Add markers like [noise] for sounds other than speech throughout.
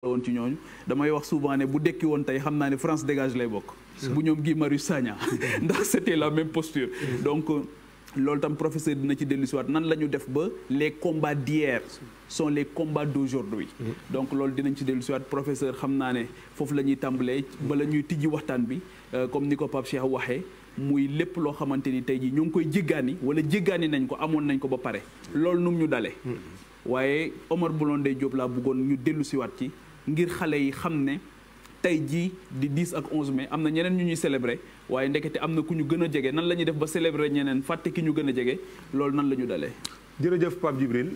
woon ci ñooñu damay wax souvent ne bu dekki won tay xam naa ne France dégage lay bokk bu ñoom gi Marius Sagna [laughs] ndax c'était la même posture mm-hmm. donc loolu tam professeur dina ci dellu nan la ñu def ba les combats d'hier sont les combats d'aujourd'hui mm-hmm. donc loolu dinañ ci dellu professeur xam naa ne foofu la ñuy tàmbalee bala ñuy tijji waxtaan bi euh, comme ni ko Pape Cheikh waxee muy lépp loo xamante ni tey jii ñoo ngi koy jéggaani wala jéggaani nañ ko amoon nañ ko ba pare loolu num ñu dalee mm-hmm. waaye Omar Blondin Diop laa bëggoon ñu dellu ci ngir xalé yi xamné ne tey di 10 ak 11 mai amna ñeneen ñu ñuy célébrer waye ndekete amna na ku ñu gën a nan lañuy def ba célébrer ñeneen faté ki ñu gëna a lool nan lañu dalé jërëjëf pap jibril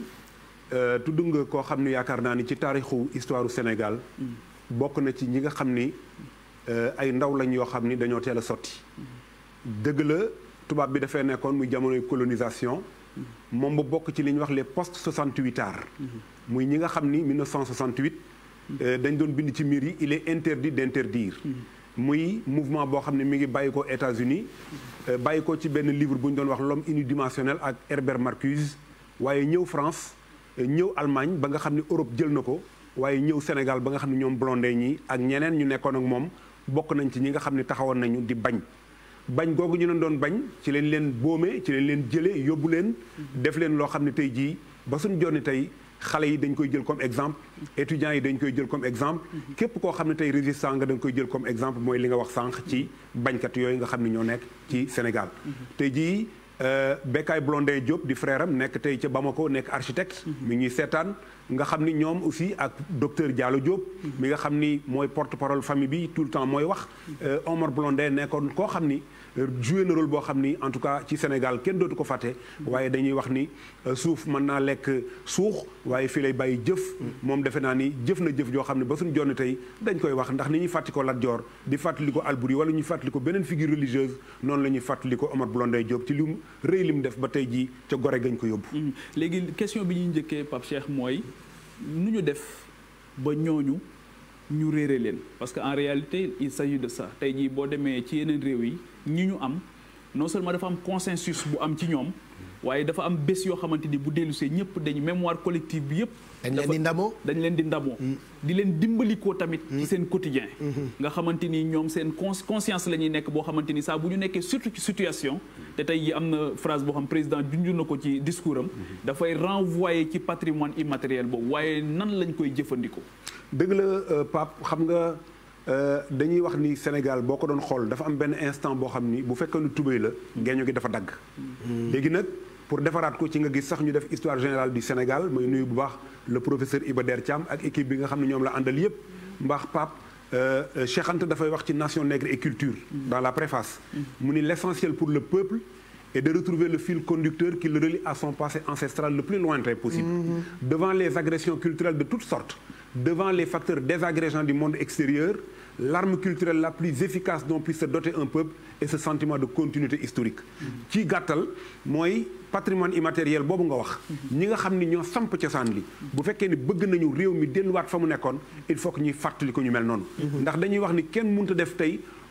euh tudd nga ko xam ne yaakaar ni ci taarixu histoire du Sénégal. Mm. bokk na ci ñi nga xam euh ay ndaw lañ yo xam dañoo téla a deug mm. dëgg la tubaab bi dafa nekkoon muy jamonoy colonisation. mom mm. bu bokk ci liñ wax les post 68 ards. muy ñi nga xam 1968. Euh, dañ doon bind ci miir yi il est interdit d'interdire muy mouvement boo xam ne mi ngi bàyyi ko États-Unis euh, bàyyi ko ci benn livre bu ñu doon wax l'homme unidimensionnel ak Herbert Marcuse waaye ñëw France euh, ñëw Allemagne ba nga xam ne Europe jël na ko waaye ñëw Sénégal ba nga xam ne ñoom Blondin ñi ak ñeneen ñu nekkoon ak moom bokk nañ ci ñi nga xam ne taxawoon nañu di bañ bañ googu ñu leen doon bañ ci leen leen boome ci leen leen jële yóbbu leen def leen loo xam ne tey jii ba suñ jonni tey xalé yi dañ koy jël comme exemple étudiants yi dañ koy jël comme exemple mhm. képp koo xam ne tey résistant nga dañ koy jël comme exemple mooy li nga wax sànq ci bañkat yooyu nga xam ne ñoo nekk ci Sénégal mhm. tey jii euh, Bécaye Blondé Diop di frère am nekk tey ca Bamako nekk architecte mhm. mi ngi seetaan nga xam ni ñoom aussi ak docteur Diallo Diop mi nga xam ni mooy porte-parole famille bi tout le temps mooy wax euh, Omar Blondé nekkoon koo xam ni euh, jouer na rôle bo xamni en tout cas ci Sénégal kenn dootu ko faté waye dañuy wax ni euh, souf man na lek souf waye fii lay bàyyi jëf mom defe na ni jëf na jëf jo xamni ba suñu jonn tay dañ koy wax ndax ni ñuy fàttali Lat jor di fàttali ko Albouri wala ñu fàttali ko beneen figure religieuse non lañu ñuy ko Omar Blondin Diop ci lim rëy lim def ba tay ji ci gore gañ ko yobbu mm-hmm. légui question bi ñu njëkkee pap Cheikh moy nu ñu def ba ñooñu ñu réré leen parce que en réalité il s'agit de ça tay ji bo démé ci yeneen réew yi ñi ñu am non seulement dafa am consensus bu am ci ñoom waaye dafa am bés yoo xamante ni bu dellusee ñëpp dañu mémoire collective bi yëpp. dañ leen di ndamoo dañ leen di ndamoo. di leen dimbalikoo tamit. ci mm. seen quotidien mm-hmm. nga xamante ni ñoom seen conscience la ñuy nekk boo xamante ni saa bu ñu nekkee surtout ci situation. Mm. te tey yi am na phrase boo xam président junj na ko ci discours am. Mm-hmm. dafay renvoyer ci patrimoine immatériel boobu waaye nan lañ koy jëfandikoo. dëgg la euh, Pape xam nga. Euh, dañuy wax ni Sénégal boko ko doon xool dafa am ben instant bo xamni bu fekkee ñu tubey la dafa hmm. pour defaraat ko ci nga gis sax ñu def histoire générale du Sénégal may nuyu bu baax le professeur Iba Der ak équipe bi nga xamni ñom la la yépp mbax pap Pape euh, euh, Cheikh Anta fay wax ci nation nègre et culture dans la préface hmm. mu ni l'essentiel pour le peuple et de retrouver le fil conducteur qui le relie à son passé ancestral le plus lointain possible. Hmm. Devant les agressions culturelles de toutes sortes, devant les facteurs désagrégeants du monde extérieur, l'arme culturelle la plus efficace dont puisse se doter un peuple est ce sentiment de continuité historique. Qui gàttal moi, patrimoine immatériel nous nga wax. ñi nga xamni ñoo samp cosaan li. bu fekkee ni bëgg nañu réew mi il faut que ñuy fatali ko ñu mel non. Mhm. ndax dañuy wax ni kenn def tay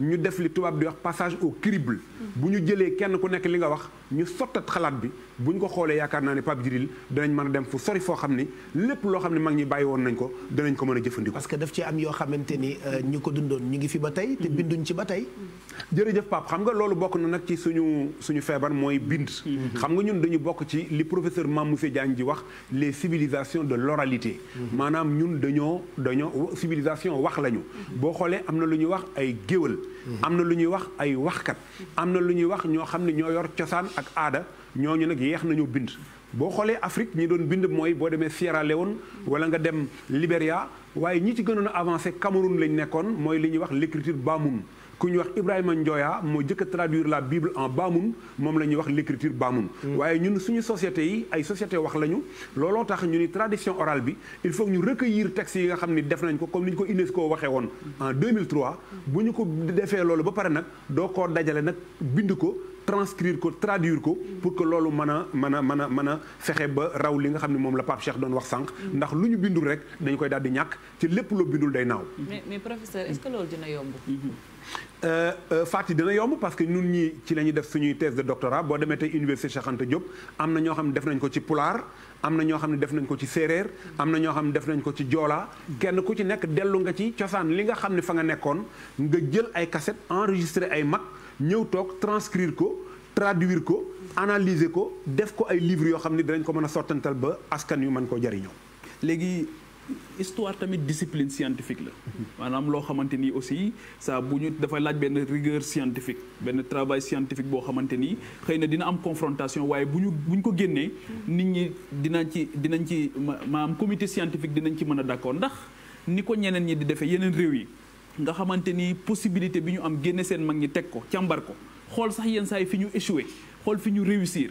ñu def li tubab di wax passage au crible bu ñu jëlee kenn ku nekk li nga wax ñu sottat xalaat bi buñ ko xoolee yaakaar naa ne Pape Djibril danañ mën a dem fu sori foo xam ni lépp loo xam ne mag ñi bàyyi woon nañ ko danañ ko mën a jëfandikoo. parce que daf ci am yoo xamante ni euh, ñu ko dundoon ñu ngi fi ba tey te binduñ ci ba tey. jërëjëf Pape xam nga loolu bokk na nag ci suñu suñu feebar mooy bind. Mm-hmm. xam nga ñun dañu bokk ci li professeur Mamoussé Diagne ji wax les civilisations de l'oralité. Mm-hmm. maanaam ñun dañoo dañoo civilisation wax lañu. Mm-hmm. boo xoolee am na lu ñuy wax ay géwël Mm-hmm. am na lu ñuy wax ay waxkat am na lu ñuy wax ñoo xam ne ñoo yor cosaan ak aada ñooñu nag yeex nañu bind boo xoolee Afrique ñi doon bind mooy boo demee Sierra woon wala nga dem Libéria waaye ñi ci gënoon a avancé Cameroun lañ nekkoon mooy li ñuy wax l'écriture baamun kuñ wax Ibrahima Njoya mo jëk traduire la Bible en bamoun mom la wax l'écriture bamoun mm. waye ñun suñu société yi ay société wax lañu looloo tax ñu ni tradition orale bi il faut ñu recueillir textes yi nga xamni def nañ ko comme ni ñu ko UNESCO waxé won en 2003 mm. buñu ko défé loolu ba paré nak do ko dajalé nak bind ko transcrire ko traduire ko mm. pour que loolu mana mana mana mana fexé ba raw li nga xamni mom la Pape Cheikh doon wax sank ndax luñu bindul rek dañ koy daldi ñak ci lepp loo bindul day naw mais mais professeur est-ce que loolu dina yomb mm-hmm. Euh, euh, fàtti dina yomb parce que ñun ñi ci la ñuy def suñuy thèse de doctorat boo demee tey université Cheikh Anta am na ñoo xam ne def nañ ko ci pulaar am na ñoo xam ne def nañ ko ci séeréer am na ñoo xam ne def nañ ko ci joolaa kenn ku ci nekk dellu nga ci cosaan li nga xam ne fa nga nekkoon nga jël ay cassette enregistré ay mag ñëw toog transcrire ko traduire ko analyser ko def ko ay livres yoo xam ne dinañ ko mën a sottantal ba askan yu mañ koo jariñoo léegi histoire tamit discipline scientifique la manam lo xamanteni aussi ça buñu ñu dafa laaj ben rigueur scientifique ben travail scientifique bo xamanteni xeyna dina am confrontation waye buñu buñ ko génnee nit ñi dinañ ci dinañ ci manam comité scientifique dinañ ci mëna d'accord ndax ni ko ñeneen ñi di défé yeneen réew yi nga xamanteni possibilité biñu am génne sen mag ñi tek ko càmbar ko xol sax yeen say fiñu fi xol fiñu fi réussir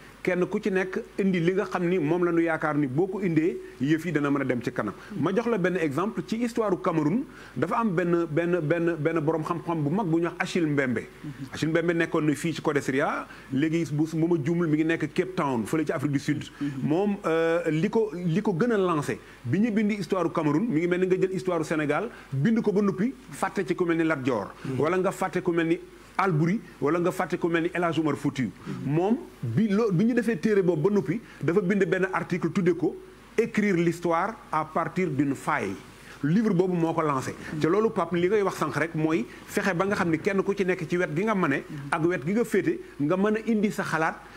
kenn ku ci nekk indi li nga xam ni moom la ñu yaakaar ni boo ko indee yëf yi dana mën a dem ci kanam. ma jox la benn exemple ci histoire Cameroun dafa am benn benn benn benn borom xam-xam bu mag bu ñuy wax Achille Mbembe. Achille Mbembe nekkoon ni fii ci Codesria léegi bu bu ma juumul mi ngi nekk Cape Town fële ci Afrique du Sud. moom euh, li ko li ko gën a lancé bi ñu bind histoire kamarun mi ngi mel ni nga jël histoire Sénégal bind ko ba nuppi fàtte ci ku mel ni Lat Dior. wala nga fàtte Albouri wala nga faté ko melni ni El Hadj Omar Foutiyou moom bi loo bi ñu ba noppi dafa bind ben article tudé ko écrire l'histoire à partir d'une faille livre bobu moko ko lancé te loolu Pape li ngay wax sank rek moy fexé ba nga xamni kenn ku ci nek ci wet bi nga mané ak wet gi nga fété nga mën indi sa xalaat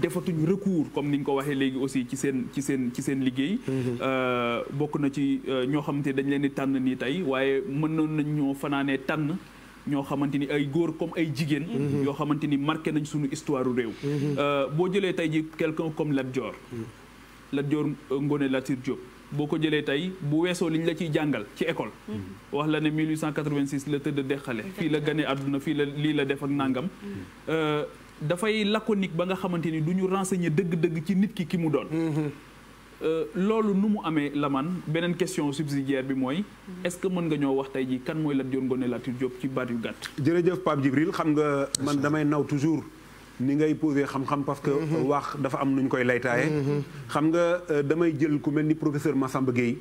defatuñu recours comme ni ñu ko waxee léegi aussi ci seen ci seen ci seen liggéey. Mhm. Euh, bokk na ci euh, ñoo xamante dañ leen di tànn nii tey waaye mënoon nañ ñoo fanaanee tànn. ñoo xamante ni ay góor comme ay jigéen. Mhm. yoo xamante ni marqué nañ suñu histoire réew. Mhm. Euh, boo jëlee tey ji quelqu'un comme Lat Dior. Lat Dior Ngoné Latyr Diop boo ko jëlee tey bu weesoo liñ la ciy jàngal ci école. wax la ne 1886 la tëdd de xale fii la gane àdduna fii la lii la def ak nangam. dafay laconique ba nga xamante ni du ñu renseigner dëgg-dëgg ci nit ki ki mu doon. Mhm. Euh, loolu nu mu amee la man beneen question subsidiaire bi mooy. Mhm. est-ce que mën nga ñoo wax tey jii kan mooy Lat Dior Ngoné Latir Diop ci baat yu gàtt. jërëjëf Pape Djibril xam nga man damay naw toujours ni ngay posé xam-xam parce que. Mhm. wax dafa am nu ñu koy laytaaye. xam nga euh, damay jël ku mel ni professeur Massamba yi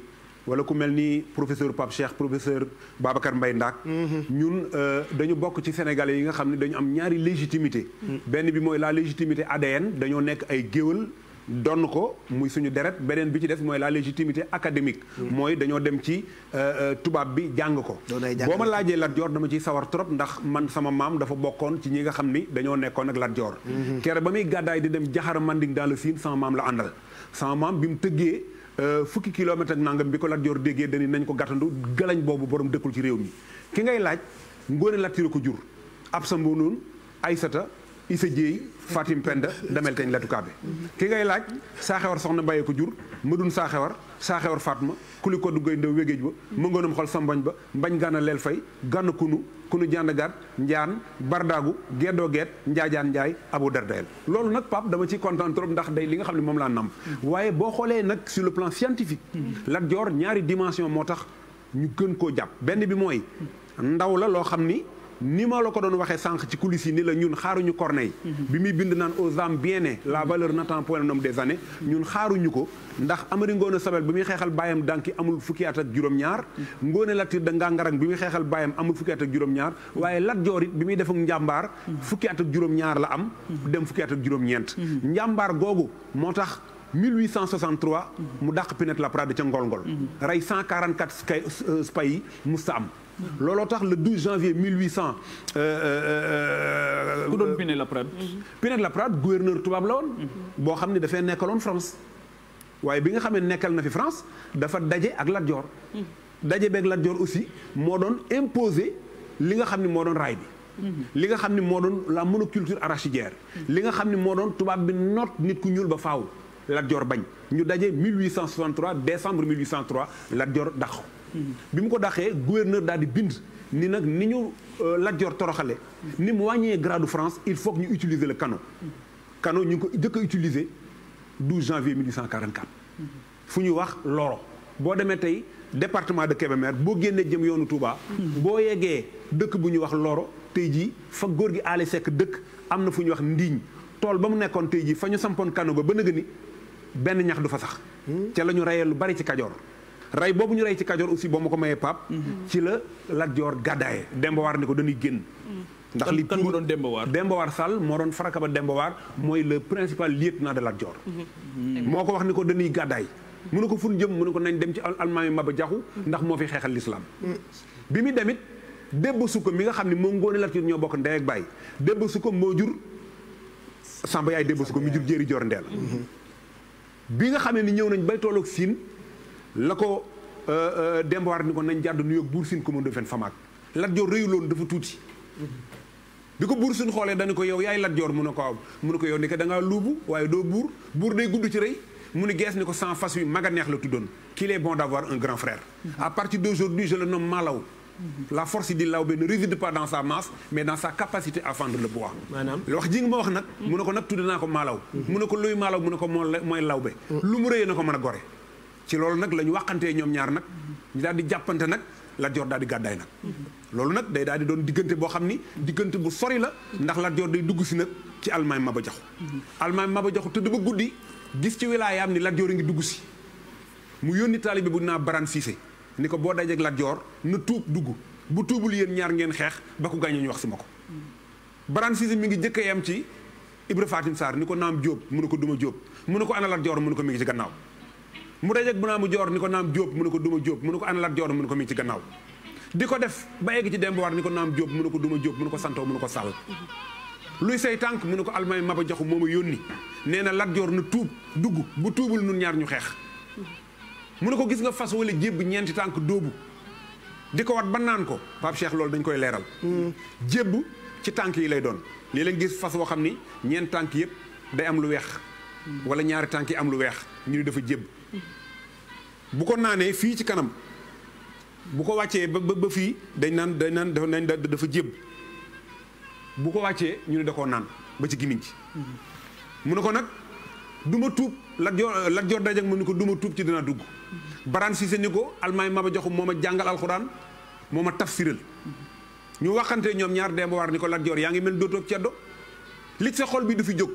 wala ku mel ni professeur Pape Cheikh professeur Babacar Mbaye Ndaak mm-hmm. ñun euh, dañu bokk ci sénégalais yi nga xam ne dañu am ñaari légitimité mm-hmm. benn bi mooy la légitimité ADN dañoo nekk ay géwël donn ko muy suñu deret beneen bi ci des mooy la légitimité académique mm-hmm. mooy dañoo dem ci euh, euh, tubaab bi jàng ko boo ma laajee Lat Joor dama ci sawar trop ndax man sama maam dafa bokkoon ci ñi nga xam ni dañoo nekkoon ak Lat Joor kere ba muy gàddaay di dem jaxara manding dans le Sine sama maam la àndal sama bi mu tëggee Euh, fukki kilomètre ak nangam bi ko Lat Joor déggee dañu nañ ko gàttandu galañ boobu borom dëkkul ci réew mi ki ngay laaj Ngoone Lat ko jur ab sa mboonoon Aysata Issa Dieye Fatim Penda Damel Teñ Latukaabe ki ngay laaj saaxewar soxna Mbaye ko jur mëdun saaxewar saaxewar Fatma kuli ko duggay ndaw wégéej ba mëngoonam xol sambañ ba mbañ gànna leel fay gànna kunu kunu jàndagaat njaan bardaagu geddoo geet njaajaan njaay abu dardayel loolu nag Pape dama ci content trop ndax day li nga xam ne moom laa namp waaye boo xoolee nag su le plan scientifique Lat Joor ñaari dimension moo tax ñu gën koo jàpp benn bi mooy ndaw la loo xam ni ni ma la ko doon waxee sànq ci coulisses yi ni la ñun xaaruñu Corneille mhm. bi muy bind naan aux âmes bien la mhm. valeur n'attend point le nombre des années mhm. ñun xaaruñu ko ndax Amari Ngoone Sobel bi muy xeexal baayam dànki amul fukki at ak juróom-ñaar Ngoone Latir da Ngangarang bi muy xeexal baayam amul fukki at ak juróom-ñaar waaye Lat Joor it bi muy def ak njàmbaar fukki at juróom-ñaar la am dem fukki at juróom-ñeent njàmbaar googu moo tax 1863 mu dàq Pinet Laprade ca Ngolngol rey 144 spahi musta am tax le 12 janvier 1800. euh, euh, euh, euh Pinet Laprade. Pinet Laprade gouverneur tubaab la il a fait ne dafay en France. waaye bi nga xam ne nekkal na fi France dafa a ak Lat Joor. daje beeg Lat Joor aussi moo imposer li nga xam ne moo doon raay bi. li nga la monoculture arachidière. li nga xam ne moo doon a bi noot nit ku ñuul ba faaw Lat Joor 1863 décembre 1803 Lat Joor bi mu ko dàqee gouverneur daal di bind ni nag ni ñu euh, Lat Joor toroxale ni mu wàññee grade France il faut ñu utiliser le canon canon ñu ngi ko jëkk a utiliser cent janvier 1844 fu ñu wax Loro boo demee tey département de Kébémer boo génnee jëm yoonu Touba boo yeggee dëkk bu ñuy wax Loro tey jii fa góor gi aale sekk dëkk am na fu ñu wax ndiiñ tool ba mu nekkoon tey jii fa ñu sampoon kano ba ba nëgë ni benn ñax du fa sax hmm. ca la ñu reyee lu bari ci Kajoor rey boobu ñu rey ci Kajoor aussi boo ma ko mayee Pape. ci la Lat Joor gàddaaye Demba War ni ko dañuy génn. ndax li kan moo doon Demba War Demba War Sall moo doon Faraka Ba Demba War mooy le principal lieutenant de Lat Joor. moo ko wax ni ko dañuy gàddaay. mu ne ko fun jëm mu ne ko nañ dem ci almaami Maba Jaxu ndax moo fi xeexal lislaam bi mu demit Demba Sukka mi nga xam ne moo ngóone Lat Joor ñoo bokk ndey ak baay ko moo jur Samba yaay Demba Sukka mi jur Jéeri Joor bi nga xamee ni ñëw nañ bay tolloog siin lako ko euh, euh, Demba War ni ko nañ jàdd nu yóg buur siin commande fen famaak Lat Joor rëyuloon dafa touti mm-hmm. biko ko buur siin xoolee ko yow yaay Lat Joor mu ne mu ne yow ni ko da ngaa luubu waaye doo buur buur day gudd ci reuy mu ni gees ni ko sans face wi maga neex la tuddoon qu'il est bon d'avoir un grand frère mm-hmm. à partir d'aujourd'hui je le nomme Malaw mm-hmm. la force di ne réside pas dans sa masse mais dans sa capacité à fendre le bois Le wax ji nga ma wax nag mu ne ko nag tudde naa ko Malaw mu ne luy Malaw Lawbe ci loolu nag la ñu waxantee ñoom ñaar nag ñu daal di jàppante nag la jor daal di gàddaay nag loolu nag day daal di doon diggante boo xam ni diggante bu sori la ndax la jor day dugg si nag ci Almaami Maba Jaxu Almaami Maba Jaxu tëdd ba guddi gis ci am ni la jor ngi dugg si mu yónni talibi bu naa Baran Siise ni ko boo dajeeg la jor na tuub dugg bu tuubul yéen ñaar ngeen xeex ba ko gàññe ñu wax si ma ko Baran Siise mi ngi jëkk ci Ibra Fatim sar ni ko naam job mu ne ko duma mu ne ko ana la jor mu ne ko mi ngi ci gannaaw mu dajeeg bu naa mu joor ni job, naam mu ne duma jóob mu ne ko ana mu mi ci gannaaw diko def ba egg ci demb war niko nam naam jóob mu ne duma jóob mu ne ko santoo mu ne ko luy sey tank mu ne almay maba joxu mooma yoni neena na lat joor tuub duggu bu tuubul nun ñaar ñu xex mu ko gis nga fas wala jébb ñeenti tank dóobu diko ko wat ba nan ko pap Cheikh lol dañ koy leral jébb ci tank yi lay doon li leen gis fas wo xamni ni tank yeb day am lu wala ñaari tànk yi am lu wex ñu dafa jeb bu ko naanee fii ci kanam bu ko wàccee ba ba fii dañ naan dañ naan dafa nañ dafa jéb bu ko wàccee ñu ni da koo naan ba ci gimiñ ci mu ne ko nag du ma tuub Lat Joor Lat Joor dajak mu ne ko du ma tuub ci dina dugg Baraan Siise ni ko almaay ma ba joxum moo ma jàngal alxuraan moo ma tafsiral ñu waxantee ñoom ñaar demba war ni ko Lat Joor yaa ngi mel dootoo ceddo li sa xol bi du fi jóg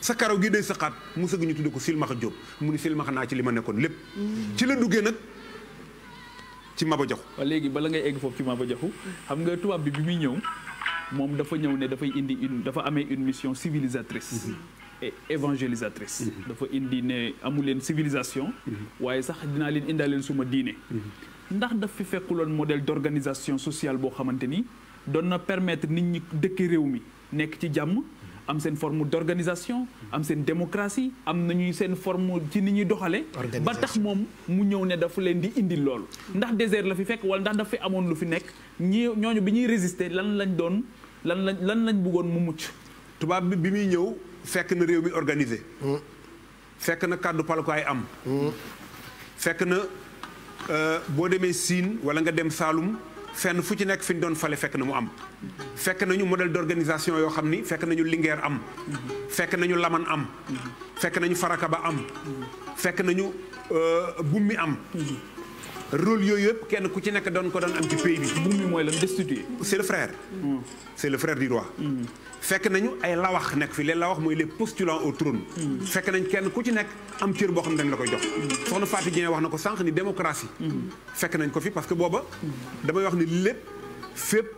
sa karaw gi day saqaat mu sëgg ñu tudd ko silmaxa jóob mu ni silmaxa naa ci li ma nekkoon lépp mm. ci la duggee nag ci Maba jox waaw léegi bala ngay egg foofu ci Maba Jaxu xam nga tubaab bi bi muy ñëw moom dafa ñëw ne dafay indi une dafa amee une mission civilisatrice mm-hmm. et évangélisatrice mm-hmm. dafa indi ne amu leen civilisation mm-hmm. waaye sax dinaa leen indaa leen suma diine ndax daf fi fekkuloon modèle d'organisation sociale boo xamante ni doon na permettre nit ñi dëkkee réew mi nekk ci jàmm am une forme d'organisation am une démocratie am nañuy forme ci ni ñuy ba tax fait mu ñëw ne dafa leen di indi nous ndax désert la fi fekk wala ndax dafa amon lu fi nekk ñi ñooñu biñuy résister lan lañ doon lan lañ lan lañ bëggoon mu mucc Tuba bi bi mi ñëw fekk na réew mi organisé hmm. fekk na am hmm. fekk na euh, bo démé Sine wala nga dem salum, fenn fu ci nekk fiñ doon falé fekk na am fekk nañu modèle d'organisation yoo xam ni fekk nañu Linguère am fekk nañu Laman am fekk nañu Farakaba am fekk nañu euh, Bummi am rôle yooyu yëpp kenn ku ci nekk doon ko doon am ci pays bi Bummi mooy lan destitué c'est le frère c'est le frère du roi fekk nañu ay lawax nekk fi les lawax mooy les postulants au trône fekk nañ kenn ku ci nekk am cër boo xam dañ la koy jox soxna Fatou Dieng wax na ko sànq ni démocratie fekk nañ ko fi parce que booba damay wax ni lépp fépp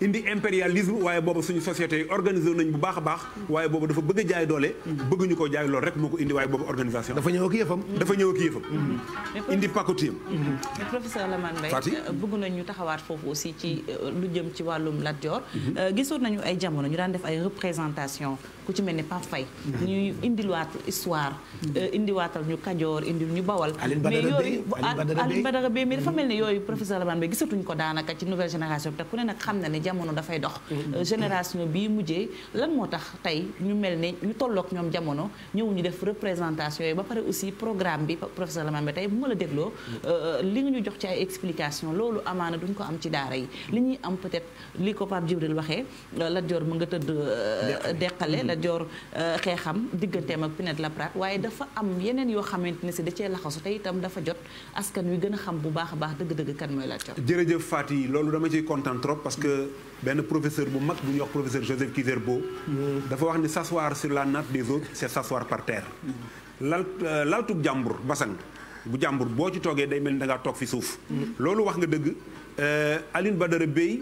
indi impérialisme waye bobu suñu société organisé nañ bu baax a baax waaye booba dafa bëgg jaay doole bëgguñu ko jaay lool rek moko indi waye bobu organisation dafa ñëw ak yëfam dafa ñëw ak yëfam mm-hmm. Mm-hmm. indi pacotiyam mm-hmm. professeur Lamane Mbaye euh, bëggu nañ ñu taxawaat fofu aussi ci euh, lu jëm ci walum Lat Dior euh, gisoon nañu ay jamono ñu daan def ay représentation ku ci mel ne Pape Faye mm-hmm. ñuy indiwaat histoire mm-hmm. euh, indiwaatal ñu Kajoor indil ñu Bawal mais yooyu Alioune Badara Bèye mais dafa mm-hmm. mel ni yooyu professeur Labane Bèye gisatuñ ko daanaka ci nouvelle génération bi te ku ne nag xam na ne jamono dafay dox euh, génération bii mujjee lan moo tax tey ñu mel ne ñu tollook ñoom jamono ñëw ñu def représentation yi ba pare aussi programme bi professeur Labane bi tey bu ma la dégloo euh, li nga ñu jox ci ay explication loolu amaana duñ ko am ci daara yi li ñuy am peut-être li ko Pape waxee Lat Joor mu nga tëdd deqale Dior euh, xeexam digganteem ak Pinet Laprade waaye dafa am yeneen yoo xamante ne si da cee laxasu tey itam dafa jot askan wi gën a xam bu baax a baax dëgg-dëgg kan mooy Lat Dior. jërëjëf Faty loolu dama ciy kontaan trop parce que benn professeur bu mag bu ñuy wax professeur Joseph Kizerbo. dafa wax ni s'asseoir sur la natte des autres c'est s'asseoir par terre. lal euh, laltu jàmbur basang bu jàmbur boo ci toogee day mel ni da ngaa toog fi suuf. Mm. loolu wax nga dëgg euh, Aline Badara Bey.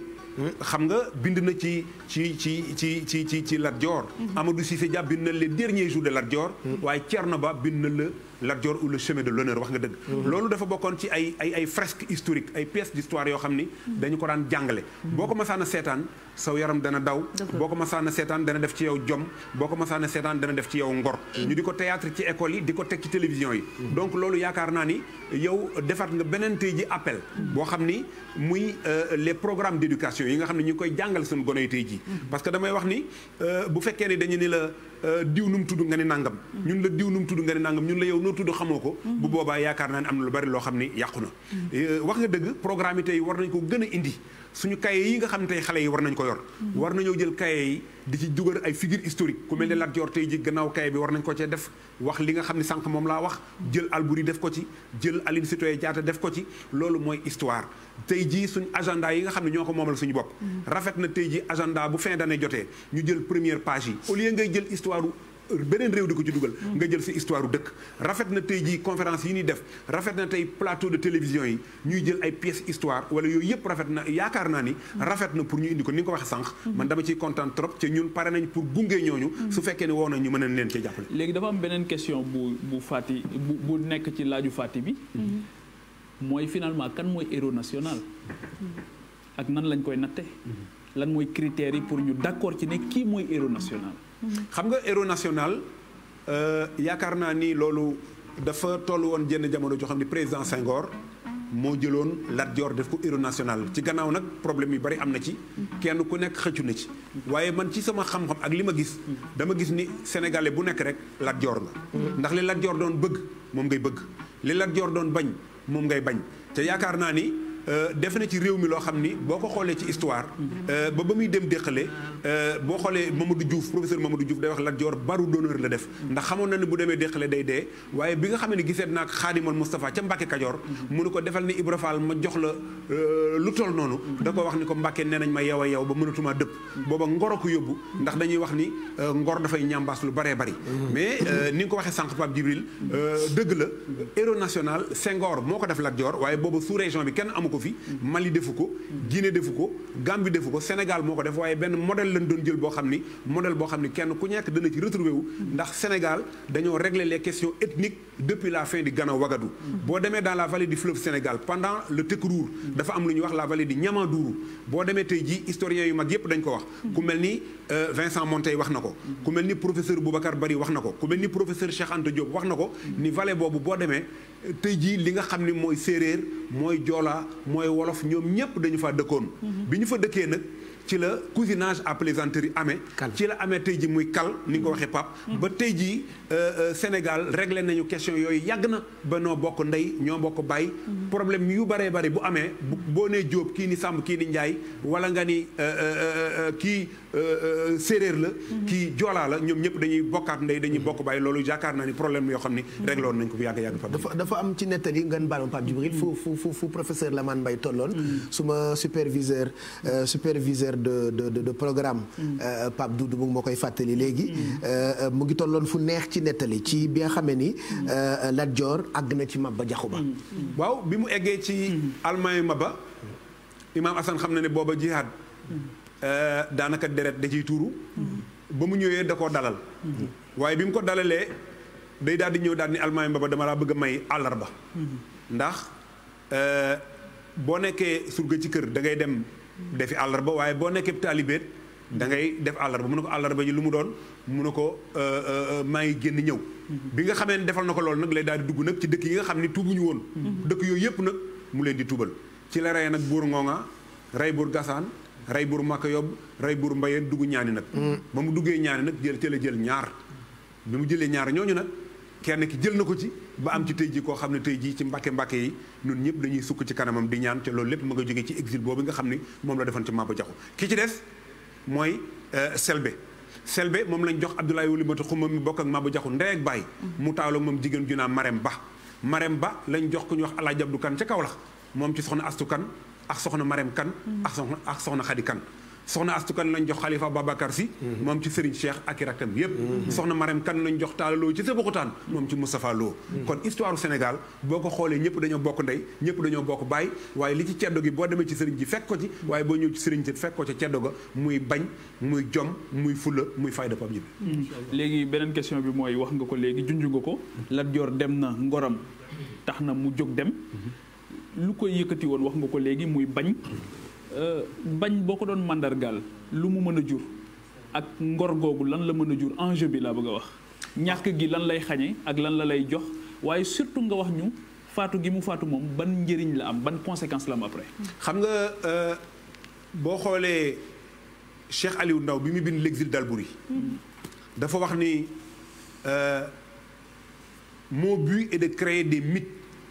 xam nga bind na ci ci ci ci ci ci ci Lat Joor mhm. Amadou Cissé Dia bind na les derniers jours de Lat Joor mhm. waaye na Ba bind na la Lat ou le chemin de l'honneur wax nga deug mhm. loolu dafa bokone ci ay ay ay fresque historique ay pièces d'histoire yo xamni ni mhm. dañu ko daan jangalé mhm. boko ko masaan sétane saw yaram dana daw boko ko masaan sétane dana def ci yow jom boko ko masaan sétane dana def ci yow ngor ñu diko théâtre ci école yi diko ko ci télévision yi donc loolu yaakaar naa ni yow defaat nga benen tay ji appel bo xamni muy euh, les programmes d'éducation yi nga xamni ne ñu koy jangal sun gone tay ji parce que damay wax ni euh, bu fekkee ni dañu ni la Euh, diw nu mu tudd nga ne nangam ñun la diw nu mu tudd nga ne nangam ñun la yow noo tudd xamoo ko bu boobaa yaakaar naa ne am na lu bari loo xam ne yàqu na mm. euh, wax nga dëgg programme yi tey war nañ ko gën a indi suñu cahier yi nga xam ne tey xale yi war nañ ko yor mm. war nañoo jël cahier yi di ci dugal ay figure historique ku mel ne mm. Lat tey ji gannaaw cahier bi war nañ ko cee def wax li nga xam ne sànq moom laa wax jël Albouri def ko ci jël Aline Sitoé Diatta def ko ci loolu mooy histoire tey jii suñ agenda yi nga xam ne ñoo ko moomal suñu bopp mm. rafet na tey ji agenda bu fin d'année jotee ñu jël première page yi au lieu ngay jël histoire benen réew di ko ci dugal. nga jël ci histoire deuk rafet na tay ji conférence yi ni def rafet na tay plateau de télévision yi ñuy jël ay pièces histoire wala yooyu yëpp rafet na yaakaar naa ni. rafet na pour ñu indi ko ni nga ko waxee sànq. man dama ci content trop ci ñun paré nañ pour gunge ñoñu su féké ni wona ñu mënañ leen ci jàppale. légui dafa am benen question bu bu Fati bu nekk ci laaju Fati bi. moy mm-hmm. finalement kan moy héros national. Mm-hmm. ak nan lañ koy naté mm-hmm lan moy critères pour ñu d'accord ci ne kii moy héros national. Mhm. xam nga héros national euh, yaakaar naa ni lolu dafa tollu won jenn jamono jo xamni président Senghor. mo jëlone la Dior def ko héros national ci gannaaw nak problème yu bari amna ci. Mhm. kenn ku nekk xëccu na ci. waye man ci sama xam-xam ak lima gis. Mhm. dama gis ni sénégalais bu nekk rek la Dior la. ndax li la Dior doon bëgg mom ngay bëgg li la Dior doon bañ mom ngay bañ te yaakaar ni. Euh, def na ci réew mi loo xam ni boo ko xoolee ci histoire euh, ba ba muy dem déqale euh, boo xoolee Mamadou Diouf professeur du Diouf day wax Lat Joor baru d'honneur la def ndax xamoon na ne bu demee déqale day dee waaye bi nga xam ne gisee na naag xaadimal Moustapha ca Mbàkke Kajoor mu ne ko defal ni Ibra Fall ma jox la lu toll noonu da ko wax ni ko Mbàkke nee nañ ma yow a yow ba mënatuma dëpp booba ngoro ko yóbbu ndax dañuy wax ni ngor dafay ñambaas lu baree bari ni nga ko waxee sànq Pape Djibril dëgg la héros national Senghor ko def Lat Joor waaye booba sous région bi kenn amu ko fi Mali de Foucault, Guinée de Foucault, Gambie de Foucault, Sénégal moko def waaye ben, modèle lañ doon jël bo xamni modèle bo xamni kenn ku ci retrouver wu ndax Sénégal dañoo régler les questions ethniques depuis la fin du Ghana Wagadou. bo dans la vallée du fleuve Sénégal pendant le Tekrour dafa am wax la vallée de Niamandourou bo démé tay ji historiens yu mag yépp dañ ko wax ku euh, Vincent Montey wax Comme ku professeur Boubacar Bari wax Comme ku professeur Cheikh Anta Diop wax ni vallée bobu bo démé tay ji li nga xamni moy mooy wolof ñoom ñëpp dañu fa dëkkoon mhm. bi ñu fa dëkkee nag ci la cousinage à plaisanterie amee ci la amee tey ji muy kal ni nga ko mhm. waxee pap mhm. ba tey jii euh, euh, Sénégal réglé nañu question yooyu yàgg na ba noo bokk ndey ñoo bokk bàyyi problème yu baree bari bu amee boo nee Jóob kii ni Sàmb kii ni Njaay walla nga ni euh, kii Euh, euh, euh, séeréer la kii joolaa la ñoom ñëpp dañuy bokkaat ndey dañuy bokk bàyyi loolu yaakaar naa ni problème yoo xam ni régloon nañ ko bu yàgg yàgg fa dafa am ci nettali ngeen baal ma Pape Djibril fu fu fu professeur Lamane Mbaye tolloon mm. suma superviseur superviseur de de de programme mm. Pape Doudou mu moo koy fàttali léegi mm. mu ngi tolloon fu neex ci nettali ci bi nga xamee ni Lat Dior àgg na ci ba Jaxu Ba waaw bi mu eggee ci almaay Maba imaam Assane xam na ne booba jihaad Euh, daanaka deret da ciy tuuru ba mu ñëwee da koo dalal waaye bi mu ko dalalee day daal di ñëw daal ni almaami ba dama laa bëgg a may àllarba ndax euh, boo nekkee surga ci kër da ngay dem defi àllarba waaye boo nekkee taalibeet dangay ngay def àllarba mu ne ko àllarba ji lu mu doon mu ne ko euh, maa ngi génn ñëw bi nga xamee ne defal na ko loolu nag lay daal di dugg nag ci dëkk yi nga xam ne tuubuñu woon mm-hmm. dëkk yooyu yëpp nag mu leen di tubal ci la rey nag buur ngoonga rey buur gasaan rey buur Maka yob rey buur Mbayeen dugg ñaani nag mm. ba mu duggee ñaani nag jël teel a jël ñaar bi mu jëlee ñaar ñooñu nag kenn ki jël na ko ci ba am ci tey jii koo xam ne tey jii ci mbàkke mbàkke yi ñun ñëpp dañuy sukk ci kanamam di ñaan te loolu lépp ma nga jógee ci exil boobu nga xam ne moom la defoon ci Maba Jaxu ki ci des mooy euh, Selbe Selbe moom lañ jox Abdoulaye Wuli Mata Xuma mi bokk ak Maba Jaxu ndey ak baay mm. mu taaloo moom jigéen ju naa Marème Ba Marème Ba lañ jox ku ñu wax Alaaji Abdu Kan ca Kaolack moom ci soxna Astu Kan ak soxna Marème kan mhm. ak soxna ak soxna Khady Kane soxna Astou kan lañu jox xalifa Babacar si mhm. moom ci Serigne Cheikh ak i rakkam yëpp mhm. soxna Marème kan lañ jox taalaloo Lo ci Sébikotane moom ci Moustapha Lo kon histoire u Sénégal boo ko xoolee ñëpp dañoo bokk ndey ñëpp dañoo bokk baay waaye li ci ceddo gi boo demee ci sëriñ ji fekk ko ci waaye boo ñëw ci Serigne ji fekk ko ca ceddo ga muy bañ muy jom muy fulla muy fayda pam ñibbi mm. léegi beneen question bi mooy wax nga ko léegi junj ko Lat Dior dem na ngoram tax na mu jóg dem lu koy yëkkati woon wax nga ko léegi muy bañ euh, bañ boo ko doon màndargaal lu mu mën a jur ak ngor googu lan la mën a jur enjeu bi laa bëgg a wax ñàkk gi lan lay xañe ak lan la lay jox waaye surtout nga wax ñu faatu gi mu faatu moom ban njëriñ la am ban conséquence la am après xam nga euh, boo xoolee Cheikh Aliou ndaw bi mu bind l'exil d'Alburi dafa wax ni euh, moo but est de créer des mythes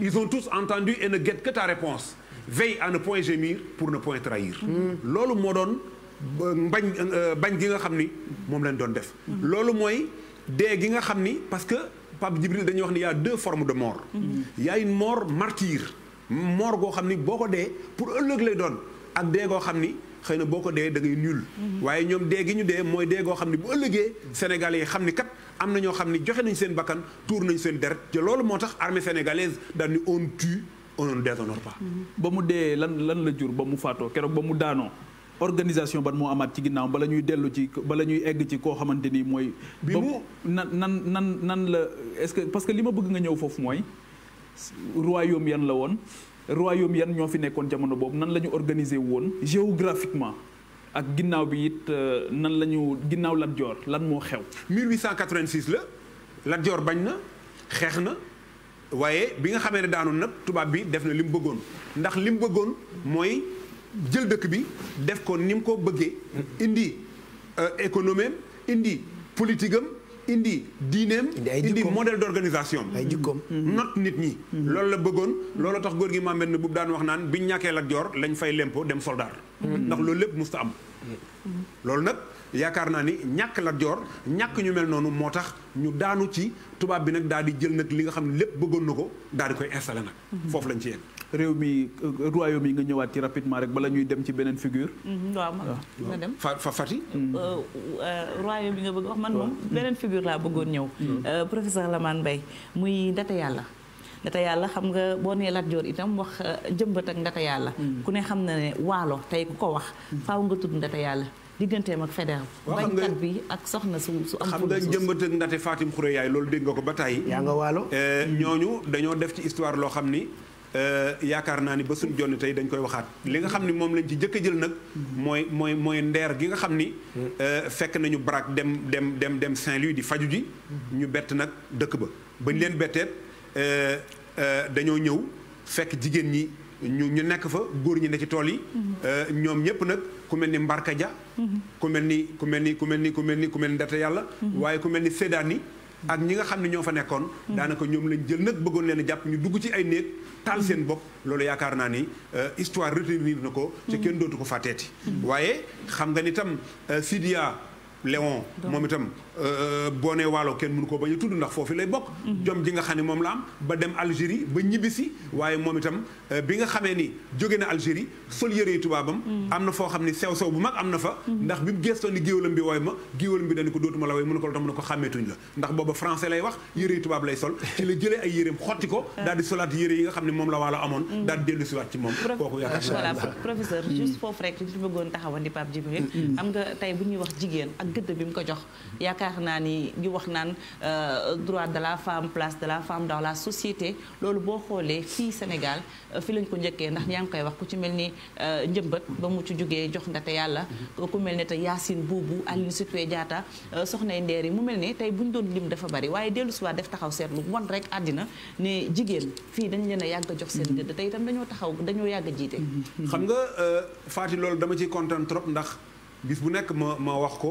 ils ont tous entendu et ne guettent que ta réponse veille à ne point gémir pour ne point trahir hmm. loolu moo doon que euh, euh, je gi nga xam ni moom lañ doon def je hmm. mooy gi nga parce que Pape Djibril dañuy wax ni y a deux formes de mort Il hmm. y a une mort martyre mort qui est ni pour ëllëg lay don, ak dee goo xëy na boo ko dee da ngay nul mhm. waaye ñoom dee gi ñu dee mooy dee goo xam ne bu ëllëgee sénégalais xam ni kat am na ñoo xam ne joxe nañ seen bakkan tuur nañ seen deret te loolu moo tax armée sénégalaise daal ni on tue on ne déshonore pas mhm. ba mu dee lan lan la jur ba mu faatoo keroog ba mu daanoo organisation ban moo amaat ci ginnaaw bala ñuy dellu ci bala ñuy egg ci koo xamante ni mooy. bi mu nan nan nan nan la est-ce que parce que li ma bëgg nga ñëw foofu mooy royaume yan la woon. royaume yan ñofi nekkon nekkoon jamono boobu nan lañu organiser woon géographiquement ak ginnaw bi it euh, nan lañu ginnaw ginnaaw Lat Joor lan mo xew. 1886 la Lat Joor bañ na xexna na bi nga xamé daanu daanoon tuba bi def na lim bëggoon ndax lim bëggoon moy jël dëkk bi def ko nim ko bëggé indi euh, économie indi politique indi diineem indi modèle d'organisation ay jikkoom mm-hmm. not nit ñi mm-hmm. loolu la bëggoon loolu tax góor gi Mamet na bu daan wax naan biñ ñàkkee Lat Joor lañ fay lempo dem soldaar mm-hmm. ndax loolu lépp musta am loolu nag yaakaar naa ni ñàkk Lat Joor ñàkk ñu mel noonu moo tax ñu daanu ci tubaab bi nag daal di jël nag li nga xam ne lépp bëggoon na ko daal di koy installé nag foofu lañ ci yegg réew mi euh, royaume yi nga ñëwaat ci rapidement rek bala ñuy dem ci beneen figure. Mhm, waaw ma dem fa Fati. Euh, euh, royaume bi nga bëgg wax man moom beneen figure laa bëggoon ñëw. Mm-hmm. professeur Lamane Mbaye muy Ndate Yàlla. ndata yàlla xam nga boo nee Lat Joor itam wax jëmbat ak ndata yàlla mm-hmm. ku ne xam na ne waalo tey ku ko wax mm-hmm. faaw nga tudd ndata yàlla digganteem ak fédéral bañkat bi ak soxna su su am xam nga jëmbat ak ndate Fatim Xure yaay loolu dégg nga ko ba tey yaa nga waalo ñooñu dañoo def ci histoire loo xam Euh, yaakaar naa ni ba suñ jonn tey dañ koy waxaat li nga xam ni moom lañ ci jëkk a jël nag mooy mooy mooy ndeer gi nga xam ni euh, fekk nañu Brak dem dem dem dem Saint-Louis di faju ji ñu bett nag dëkk ba bañ leen betteet euh, dañoo ñëw fekk jigéen ñi ñu ñu nekk fa góor ñi ne ci tool yi ñoom ñëpp nag ku mel ni Mbarka Dia mm-hmm. ku mel ni ku mel ni ku mel ni ku mel ni ku mel ni Ndata Yàlla mm-hmm. waaye ku mel ni Sédani ak ñi nga xam ne ñoo fa nekkoon daanaka ñoom lañ jël nag bëggoon leen a jàpp ñu dugg ci ay néeg taal seen bopp loolu yaakaar naa ni euh, histoire retenir na ko ci mm. kenn dootu ko fàtteeti mm. waaye xam nga ni tam euh, Sidia Léon moom itam Euh, boo nee waalo kenn mënu ko bañ a tudd ndax foofu lay bokk. Mhm. jom ji nga xam ne moom la am ba dem Algérie ba ñibbisi waaye moom itam euh, bi nga xamee ni jóge na Algérie sol yëre yu tubaabam. Mhm. na foo xam ne sew sew bu mag am na mhm. ndax bi mu gëstoo ni ma géwélam bi dañu la wooy mu ne ko la tax la ndax booba français lay wax yëre yu tubaab lay sol [laughs] ci la jëlee ay yëreem xotti ko. Ah. daal di yi nga xam ne moom la waalo amoon. Mm. daal di siwaat ci moom. kooku yaakaar naa professeur mm. juste foofu rek li ci bëggoon taxawandi Pape Djibril am nga tey bu ñuy wax jigéen ak gëdd bi mu ko jox yaakaar naa ni ñu wax naan euh, droit de la femme place de la femme dans la société loolu boo xoolee fii Sénégal euh, fi lañ ko njëkkee ndax yaa ngi koy wax ku ci mel ni euh, njëmbat ba mu ci jógee jox nga te yàlla ku mel ni te bu Boubou Aline Sitoé Diatta soxnay ndeer yi mu mel ne tey buñ doon lim dafa bari waaye dellu si def taxaw seetlu won rek àddina ne jigéen fii dañ leen a yàgg jox seen gëdd te itam dañoo taxaw dañoo yàgg a jiite xam nga Faty loolu dama ciy kontaan trop ndax bis bu nekk ma ma wax ko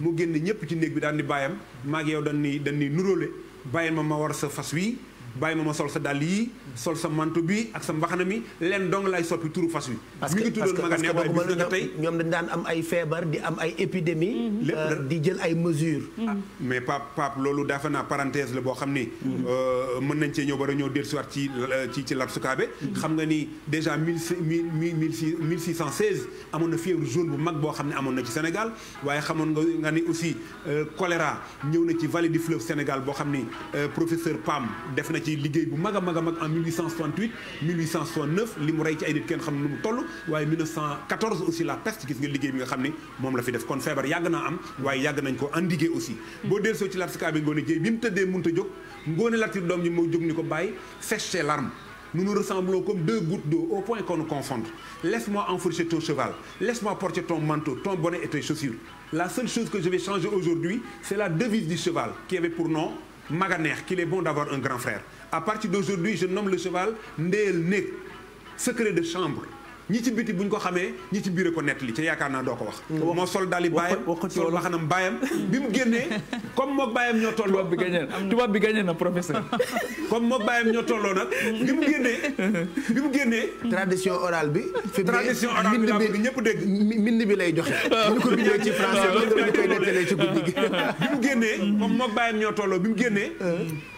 mu génn ñëpp ci néeg bi daan di bàyyam maa ngi yow dañ ni dañ ni nuróole bàyyil ma ma war sa fas wii bayma ma sol sa dal yi sol sa mantu bi ak sa mbaxana mi leen dong lay soppi turu fas wi. mi ngi tuddoon ma nga ne waaye bis tey ñoom dañ dan am ay fièvre di am ay épidémie mm-hmm. euh, di jël ay mesures. Ah, mais pap pap lolu dafa na parenthèse le bo xamni mm-hmm. euh meun nañ ci ñëw war a ñëw dellusiwaat ci euh, ci ci lapsu kaabe. Mm-hmm. xam nga ni déjà 1616 amon na fièvre jaune bu mag bo xamni amon na ci Sénégal waye xamone nga ni aussi euh, choléra ñëw na ci vallée du fleuve Sénégal bo xamni professeur Pam def na na ci liggéey bu mag a mag en 1868 1869 l'immoralité mu rey ci ay nit kenn xam 1914 aussi la peste gis nga liggéey bi nga xam ne moom la fi def kon feebar yàgg naa am waaye nañ ko aussi boo ce soo la lartikaa bi ngoone jéy bi mu des mënut a jóg ngoone lartir doom ñi moo ni ko sèche Nous nous ressemblons comme deux gouttes d'eau au point qu'on nous confonde. Laisse-moi enfourcher ton cheval, laisse-moi porter ton manteau, ton bonnet et tes chaussures. La seule chose que je vais changer aujourd'hui, c'est la devise du cheval qui avait pour nom Maganer, qu'il est bon d'avoir un grand frère. À partir d'aujourd'hui, je nomme le cheval Ndeel Nek, secret de chambre. ñi ci biti buñ ko xamee ñi ci biir ko nettali ca yaakaar naa doo ko wax. moo sol dali baayam sol waxanam baayam bi mu génnee comme moog baayam ñoo tolloo. tubaab bi gañe na tubaab bi na professeur. comme nag bi mu génnee bi mu génnee. tradition orale bi. tradition orale bi laa bëgg lay joxe. ñu [laughs] ko bindee ci français bi bi mu génnee comme moog ñoo tolloo bi mu génnee. [laughs]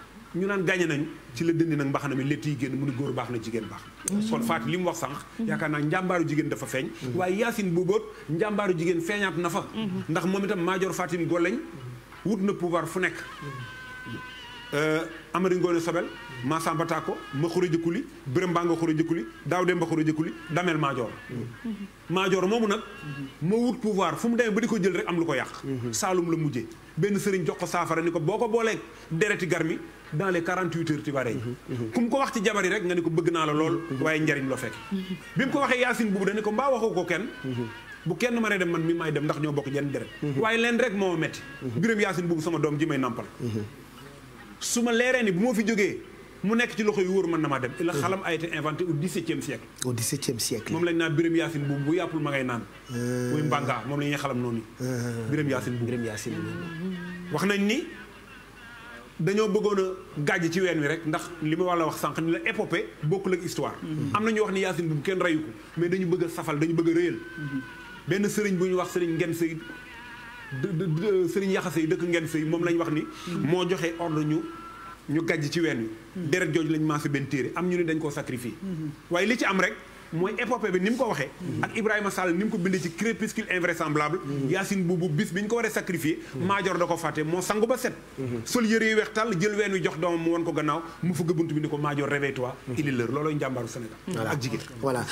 ñu naan gagné nañu ci la dëndi nag mbaxana mi létt yi génn mu ni góor baax na jigéen baax kon mm. faati li mu wax sànq mm. yaakaar naa njàmbaaru jigéen dafa feeñ mm. waaye yaasin boobóot njàmbaaru jigéen feeñaat na fa mm-hmm. ndax moom itam maajoor fatim goleñ wut na pouvoir fu nekk Euh, Amari Ngoone Sobel Massamba Tako ma xura jëkkuli Birame Ba nga xura jëkkuli Daaw Demba xura jëkkuli Damel Maajoor Maajoor mhm. moomu nag mhm. ma wut pouvoir fu mu demee ba di ko jël rek am lu ko yàq mhm. Saalum la mujjee benn sëriñ jox ko saafara ni ko boo ko booleeg dereti garmi dans les quarante huit heures ci ku mu ko wax ci jabar yi rek nga ni ko bëgg naa la lool waaye njariñ la fekk bi mu ko waxee Yaasin buubu dani ko mbaa waxu ko kenn bu kenn ma nee dem man dem ndax bokk jenn deret waaye leen rek moo sama doom ji may suma ma leeree ni bu ma fi jógee mu nek ci loxo yu wóor mën na ma dem. ila euh. xalam ay été inventé au 17e siècle. au 17e siècle. mom lañ na Biram yassine bu bu yapul ma ngay nan euh. muy mbanga mom lañ ñuy xalam noonu. Biram Yaasin buubu Biram Yaasin wax nañ ni dañoo bëggona a ci wène wi rek ndax li wala wax sank ni la épopée bokul ak histoire. Mhm. amna ñu wax ni yassine bu kenn reyu mais dañu bëgg safal dañu bëgg a mhm. ben serigne sëriñ bu ñu wax serigne Ngen Seydou sëriñ yaxase yi dëkk ngeen sëy moom lañ wax ni mm. moo joxe ordre ñu ñu gàjj ci ween wi mm. deret jooju lañ maase benn téere am ñu ne dañ koo sacrifié mm-hmm. waaye li ci am rek mooy épopée bi ni mu ko waxee ak Ibrahima Sall ni mu ko bindee ci crépuscule invraisemblable Yacine Boubou bis bi ñu ko war a sacrifié maajoor da ko fàtte moo sangu ba set sol yëre yu weex tàll jël ween wi jox doomam mu won a gannaaw mu fëgg bunt bi ni ko maajoor réveille toi il est l'heure loolooy njàmbaaru Sénégal ak jigéen voilà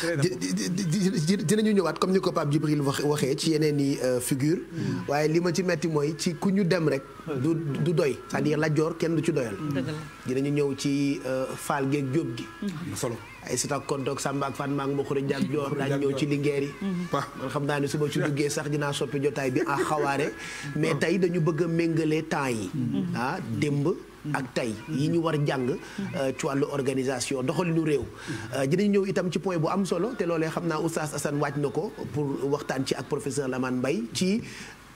dinañu ñëwaat comme ni ko Pape Djibril waxee ci yeneen i euh, figure mm. waaye li ma ci metti mooy ci ku ñu dem rek mm. du du doy cest à la joor kenn du ci doyal dinañu ñëw ci euh, faal geeg jóob gi solo ay tak kontoog Samba ak Fan mang ngi ma xuri jàpp joor daañu ñëw ci lingeer yi man xam naa ne suba ci duggee sax dinaa soppi jotaay bi ak xawaare mais tey dañu bëgg a temps yi ah démb ak tey yi ñu war jàng eh, mm-hmm. eh, ci wàllu organisation doxalinu réew dinañ mm-hmm. eh, ñëw itam ci point e bu am solo te loolee xam oustaz Assane waaj na ko pour waxtaan ci ak professeur Lamane Mbaye ci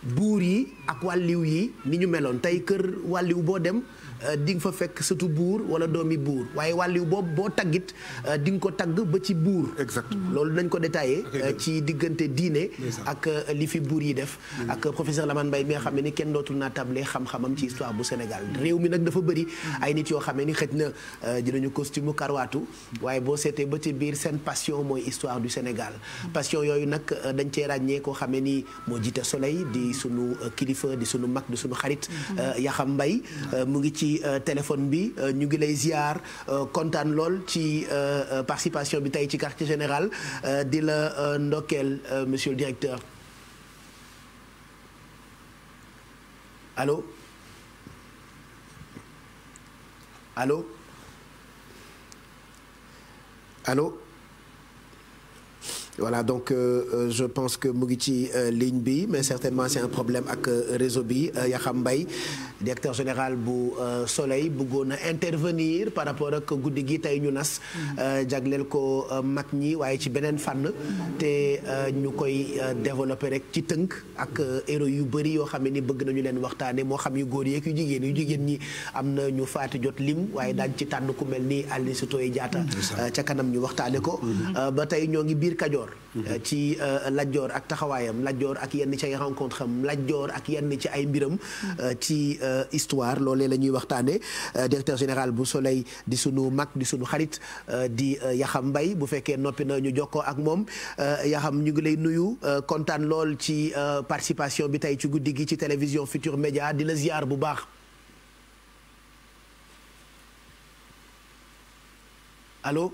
buur yi ak wàlliw yi ni ñu meloon tey kër wàlliw boo dem Euh, ding fa fek sëtu bour wala domi bour waye wàlliw boobu bo tagit euh, ding ko tag ba ci bour exactement loolu dañ ko détaillé euh, ci diggante diine ak li fi buur yi def hmm. ak professeur Lamane Mbaye mi nga ken dotul ni kenn xam-xamam ci histoire bu Sénégal réew mi nak dafa bëri hmm. ay nit yo xam ne dinañu costume karwaatu hmm. waye bo seetee ba ci biir seen passion moy histoire du Sénégal passion yoyu nak dañ cee ràññee ko xamee mo moo soleil di sunu kilifa di sunu mak di sunu xarit ya xam Mbaye mu ngi ci euh, téléphone bi euh, ñu ngi lay euh, participation bi quartier général di la Ndokel, monsieur le directeur Allô Allô Allô voilà donc euh, euh, je pense que Mugiti ngi euh, mais certainement c'est un problème avec réseau bi Yakham directeur général bu Soleil Bougon intervenir par rapport à guddi gi Yunas ñu nas mm. jagleel ko mag ñi waaye ci beneen fànn te ñu koy développer rek ci tënk ak héros yu bëri yoo xam ne ni bëgg nañu leen waxtaane moo xam yu góor yeeg yu jigéen yu jigéen na ñu faati jot lim waaye daañ ci ku mm, kanam Joor mhm. ci euh, Lat ak taxawayam Lat ak yenn ci rencontre am Lat ak yenn ci ay mbiram mhm. euh, ci euh, histoire lolé lañuy waxtané directeur général bu Soleil di sunu mak di sunu xarit di Yaxam bay bu féké nopi na ñu joko ak mom Yaxam ñu ngi lay nuyu contane lol ci participation bi tay ci guddi gi ci télévision Futur Média di la ziar bu baax Allô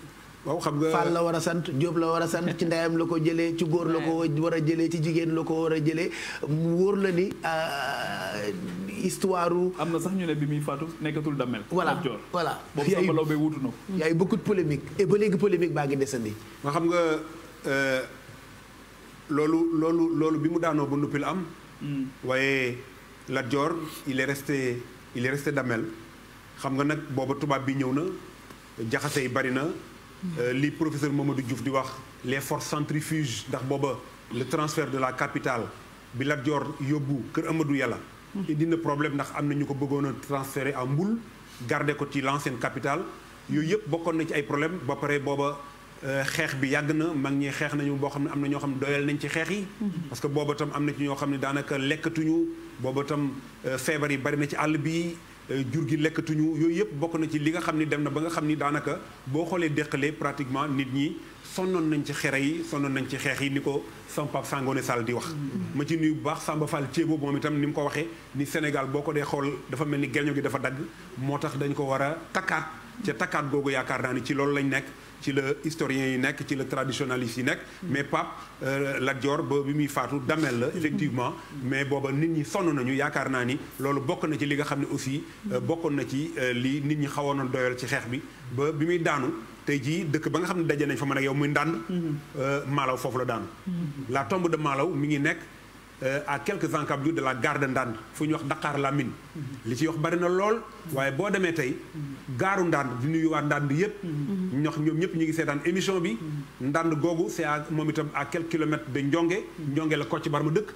waaw xam nga Fall la war a sant Diop la war a ci ndeyam la ko jëlee ci góor la ko war a jëlee ci jigéen la ko war a jëlee mu wóor la ni euh, histoire am na sax ñu bi muy faatu nekkatul dammel. voilà voilà boobu Samba Laobé wutu na ko. y a eu ba léegi polémique baa ngi desandi. nga xam nga euh, loolu loolu loolu bi mu daanoo ba noppi la am. Hmm. waaye Lat Dior il est resté il est resté dammel xam nga nag booba tubaab bi ñëw na jaxase yi bari na. Euh, li professeur Mamadou Diouf di wax les forces centrifuges ndax booba le transfert de la capitale bi Lat Dior yóbbu Kër Amadou Yàlla indi na problème ndax am na ñu ko bëggoon a transférer à Mboul garder ko ci l'ancienne capitale yooyu yëpp bokkoon na ci ay problème ba paré booba euh, xex bi yàgg na mag ñi xex nañu bo xamni amna ño na ñoo xam doyal nañ ci xex yi parce que booba tam amna na ci ñoo xam ne daanaka lekkatuñu tam euh, feebar yi bari na ci all bi Euh, jur gi lekkatuñu yooyu yëpp bokk na ci li nga xam ni dem na ba nga xam ni daanaka boo xoolee déqalee pratiquement nit ñi sonnoon nañ ci xere yi sonnoon nañ ci xeex yi ni ko sama pap Sangoné Sall di wax mm-hmm. ma ci nuyu bu baax Samba Fall Thiébo moom itam ni mu ko waxee ni Sénégal boo ko dee xool dafa mel ni gerño gi dafa dagg moo tax dañ ko war a takkaat ca takkaat googu yaakaar naa ni ci loolu lañ nekk ci la historiens yi nekk ci la traditionnalistes yi nekk mm. mais Pape euh, Lat joor ba bi muy faatu damel la effectivement mm. mais booba nit ñi sonn nañu yaakaar naa ni loolu bokk na ci li nga xam ne aussi euh, mm. bokkoon na ci euh, li nit ñi xawoon na doyal ci xeex bi ba bi muy daanu tey jii dëkk ba nga xam ne daje nañ fa mën ak yow muy ndànd Malaw foofu la daanu la tombe de Malaw mi ngi nekk Euh, à quelques encablures de la gare de Ndande fu wax Dakar Lamine li ci wax bari na lool waaye boo demee tey gaaru Ndande di nuyu waa Ndande yëpp ñox ñoom ñëpp ñu ngi seetaan émission bi Ndande googu c'est à moom à quelques kilomètres de Ndiongue Ndiongue la coach Barma dëkk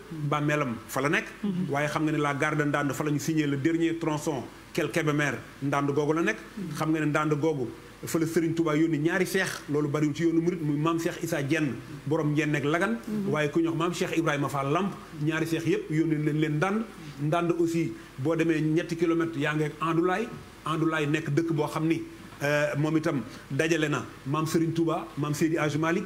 Melam, fa la nekk waaye xam nga la gare de Ndande fa la le dernier tronçon quel Kébémer Ndande googu la nekk xam nga ne Ndande Gogo. fa la Serigne Touba yónni ñaari seex loolu bariwul ci yoonu murit mu maam Cheikh Issa Dieng borom Dieng ak Lagan mhm. waaye ku ñox maam Cheikh Ibrahima Fall Lamp ñaari seex yëpp yónni leen leen ndànd ndànd aussi boo demee ñetti kilomètres yaa ngi ak Andoulaye Andoulaye nekk dëkk boo xam ni euh, moom itam dajale na maam Serigne Touba maam Seydi Hadji Malick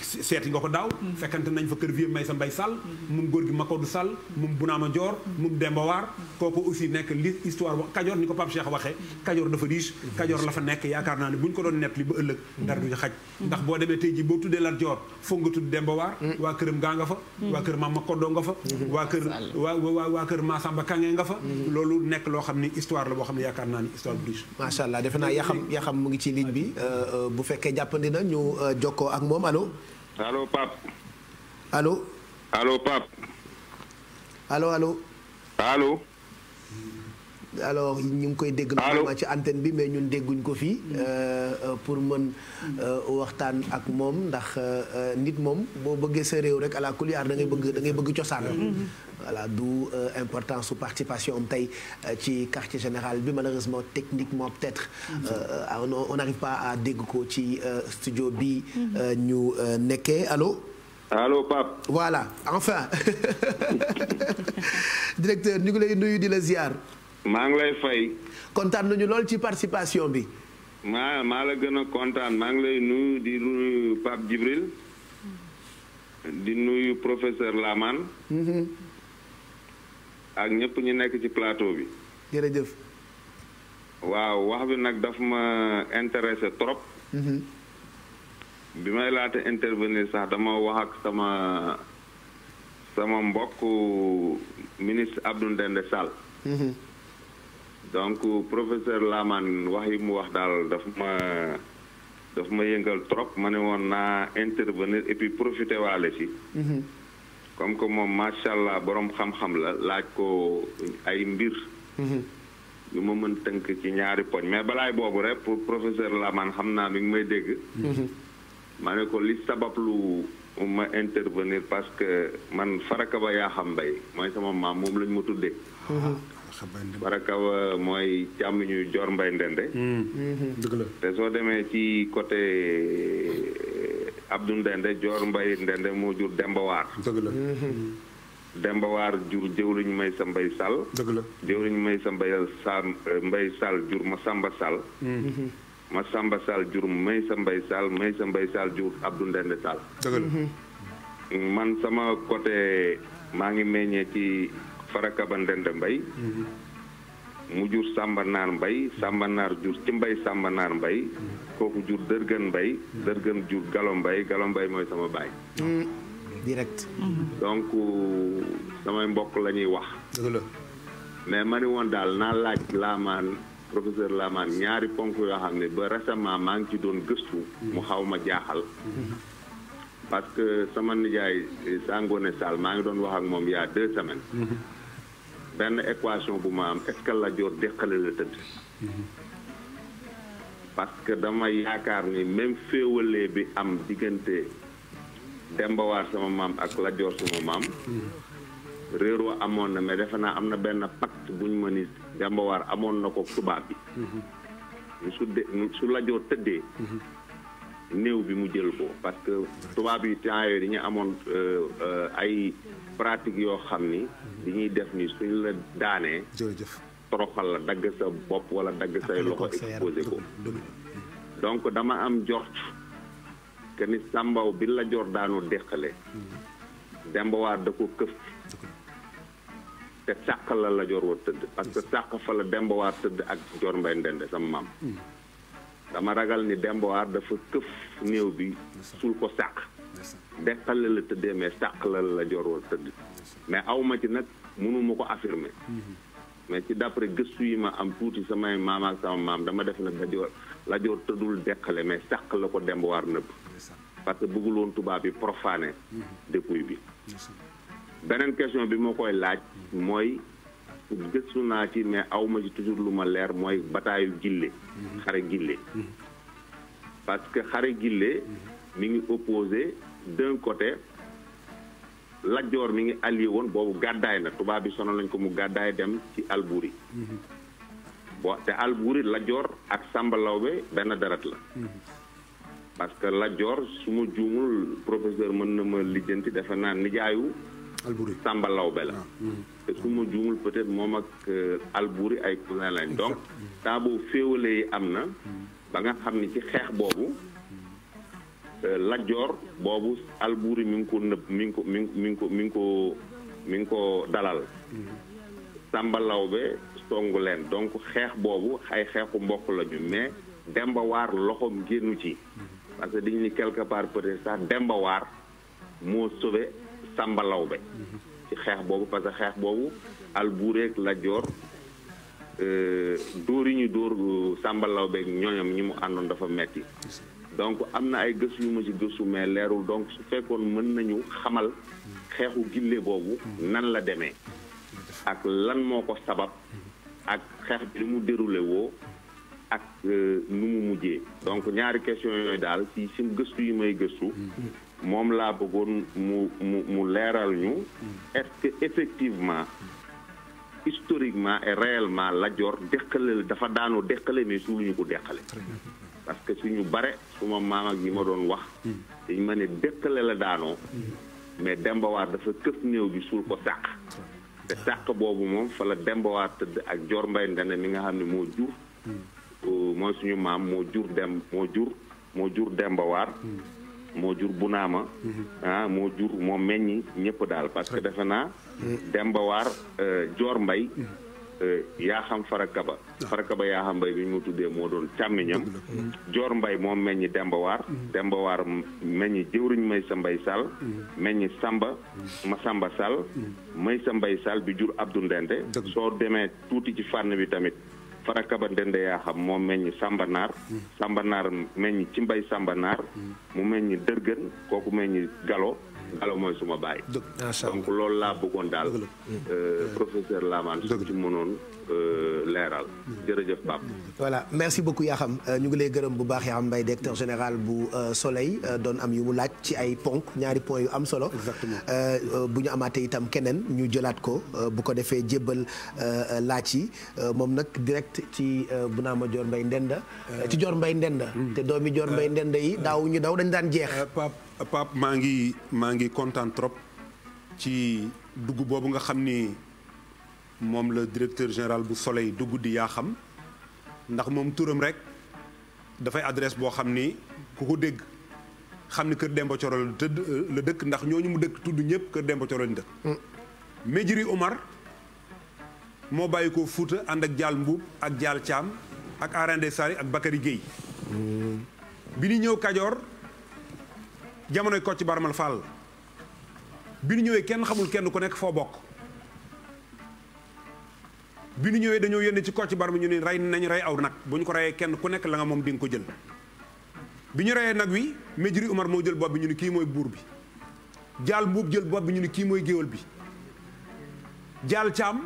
seti nga ko daw mm-hmm. fekkante nañ fa kër vieux may sa mbay sal mm-hmm. mum gor gi makodu sall moom mm-hmm. bunaama jor mum demba war kooku aussi nek li histoire bu kajoor ni ko cheikh waxe kadior dafa riche kadior la fa nek yaakaar na ni buñ ko don net li ba euleuk dar duñu xaj ndax bo demé tay ji bo tuddé la jor fo nga tudd demba war wa këram ga nga fa wa kër ma makodo nga fa waa kër wa wa waa kër samba kangé nga fa lolou nek lo xamni histoire la bo xamni ne na ni histoire bu riche sha allah ya xam ya xam mu ngi ci ligne bi euh, euh, bu fekke jàppandi na ñu euh, joko ak mom allo Allô, pape. Allô Allô, pape. Allô, allô. Allô alors ñu koy dégg normalement ci antenne bi mais ñun dégguñ ko euh, euh pour mën euh, waxtaan ak mom ndax euh, nit mom bo bëggee sa réew rek à la coulière da ngay bëgg da ngay bëgg ciossane mm-hmm. voilà d'où importance su participation am tay ci quartier général bi malheureusement techniquement peut-être on n'arrive pas à dégg ko ci studio bi ñu nekkee allô Allô, Pape. voilà enfin [laughs] directeur ñu ngi lay nuyu di la ziar maa ngi lay fay. kontaan nañu lool ci participation bi. maa maa la gën a kontaan maa ngi lay nuyu di nuyu Pape Jibril, di nuyu professeur Laman. Mm-hmm. ak ñëpp ñu nekk ci plateau bi. jërëjëf. waaw wax bi nag daf ma intéressé trop. Mm-hmm. bi may laata intervenir sax dama wax ak sama sama mbokk ministre Abdou Ndende Sall. Mm-hmm. donc professeur Laman wax mu wax daal dafa ma ma yëngal trop ma ne woon naa intervenir et puis profiter waale si mhm. comme que moom macha allah borom xam-xam la laaj ko ay mbir mhm. yu ma mën tënk ci ñaari poñ mais balaay boobu rek pour professeur lamaan xam naa mi ngi may dégg mhm. ma ne ko li sabablu ma intervenir parce que man faraka yaa xam mbay mooy sama maam moom lañ ma tuddee war a kaw mooy càmm ñu Dior Ndende hmm. te soo demee ci côté eh, Abdou Ndende Dior Mbaye Ndende moo jur Demba Waar dëgg la hmm. Demba Waar jur jëwriñ may sa mbay sal dëgg la jëwriñ may sa mbay sa eh, mbay sall jur ma sàmba sal hmm. ma sàmba sal jur may sa mbay sal may sa mbay sall jur Abdou Ndende Sall man sama côté maa ngi meññee ci Faraka Bandenda Mbay mhm. mu jur Samba nar bay Samba nar jur ci Mbay Samba nar bay mhm. koku jur Dërgën bay mhm. Dërgën jur galom bay galom bay moy sama bay hmm, direct donc sama mbok lañuy wax dëgg mais won dal na laaj professeur Laman ñaari ponk yo xamne ba récemment ma ngi ci doon gëstu mu xawma salman jaaxal parce que sama nijaay eh, sangone sal ma ngi doon wax ak mom ya deux semaines benn équation bu ma am est-ce déqale la tëdd parce que dama yaakaar ni même féewalee bi am diggante Demba War sama maam ak Lat sama maam réeroo amoon na mais defe naa am na benn pacte bu ñu ma ni Demba amoon na ko tubaab bi su de su Lat tëddee néew bi mu jël ko parce que tubaab yi temps yooyu dañu amoon euh, euh, ay pratique yoo xam ni. Mhm. li ñuy def ni suñ la daanee. jërëjëf toroxal la dagg sa bopp wala dagg say loxo exposé ko. donc dama am jort que ni sàmbaw bi la jor daanu déqale. Mhm. dembawaar da ko këf. te sàq la la jor wa tëdd. parce que sàq fa la dembawaar tëdd ak jor mbay ndende sama maam. Mhm. dama ragal ni dembawaar dafa këf néew bi suul ko sàq. deqale la tëddee mais sàqlal la joor wal tëdd mais awma ci nag mënuma ko affirmer mm-hmm. mais ci d'après gëstu yi ma am tuuti samay maam ak sama maam dama def nag lajoor lajoor tëddul deqale mais sàq la ko demb waar nëbb parce que bëggul woon tubaab mm-hmm. bi profané dépouille bi beneen question bi moo koy laaj mm-hmm. mooy gëstu naa ci mais awma ci toujours lu ma leer mooy bataayu gille xare gille parce que xare gille mi ngi opposé d'un côté Lat Joor mi ngi allié woon boobu gàddaay na tubaab bi sonal nañ ko mu gàddaay dem ci Albuuri mhm. bon te Albuuri Lat ak Samba benn darat la mhm. parce que Lat Joor su ma juumul professeur mën na ma lijjanti dafa naa nijaayu Albuuri Samba Lawbe la ah, mhm. te su ma juumul peut-être moom ak euh, Albuuri ay cousin donc temps boobu féewale yi am na ba nga xam ni ci xeex boobu Euh, Lajjoor boobu Albuuri mi ngi ko nëb mi ngi ko mi ngi ko mi ngi ko mi ngi ko dalal. Samba Lawbe songu leen donc xeex boobu ay xeexu mbokk lañu mais Demba Waar loxoom génnu ci. parce que dañu quelque part peut-être sax Demba Waar moo sauvé Samba Lawbe. ci xeex boobu parce que xeex boobu Albuuri ak Lajjoor euh, dóor yi ñu dóor Samba Lawbe ak ñooñam ñi mu àndoon dafa metti donc am na ay gëstu yu ma ci gëstu mais leerul donc su fekkoon mën nañu xamal xeexu gille boobu nan la demee ak lan moo ko sabab ak xeex bi ni mu déroulé woo ak euh, nu mu mujjee donc ñaari question yooyu daal si sim gëstu yi may gëstu moom laa bëggoon mu mu mu leeral ñu effectivement historiquement et la Lat Dior dafa daanoo deqale mais suuluñu ko deqale parce que suñu bare suma maam ñi ma doon wax di ma ne dëkkale la daanoo mais dembawaar dafa këf néew bi suul ko sàq te sàq boobu moom fa la dembawaar tëdd ak jor mbay ndene mi nga xam ne moo jur euh, mooy suñu maam moo jur dem moo jur moo jur dembawaar moo jur bunaama ah moo jur moo meññ ñëpp daal parce que defe naa mm. dembawaar joor euh, mbay yaaxam xam farakaba ah. farakaba yaa mbay bi ñu mu tuddee moo doon càmmiñam mm. joor mbay moom meññi dembawaar mm. dembawaar meññi jëwriñ may sa mbay sal mm. meññi samba ma samba sall may sa mbay sal bi jur abdu ndende soo demee tuuti ci fànn bi tamit farakaba ndende yaa moom meññi sambanaar sambanaar meññi ci mbay sambanaar mu meññi dërgën kooku meññi galo Gallo mooy suma baay donc loolu laa bëggoon daal mm. Euh, mm. professeur Lamane su ci mënoon euh, leeral mm. jërëjëf Pape voilà merci beaucoup yaa xam euh, ñu ngi lay gërëm bu baax yaa xam Mbaye directeur général bu Soleil doon am yu mu laaj ci ay ponk ñaari points yu am solo bu ñu amaatee itam keneen ñu jëlaat ko bu ko defee jébbal laaj yi moom nag direct ci bu naa ma Dior Mbaye Ndenda ci Dior Mbaye Ndenda te doomi Dior Mbaye Ndenda yi daaw ñu daw dañ daan jeex pap mangi mangi maa trop ci dugg bobu nga xamni mom le directeur général bu Soleil dugg di ya xam ndax mom touram rek fay adresse bo xamni ku ko deg xamni keur dembo Demba le la tëdd la ndax ñoñu mu dëkk tuddu ñëpp keur dembo Coro lañ dëkk. Mm. Omar mo bayiko foota and ak dial mbub ak dial cham ak Arendé Sari ak bakari geey mm. bi ni ñew kadior ko ci baramal Fall bi nu ñëwee kenn xamul kenn ku nekk foo bokk bi koci bar dañoo rain ci Kocc Barma ñu ni ray nañ ray aw nak buñ ko rayé kenn ku nekk la nga mom di ko jël bi ñu wi mejri Umar mo jël bopp bi ñu ni ki moy bur bi jaal mbuub jël bopp bi ñu ni ki moy geewal bi jaal cham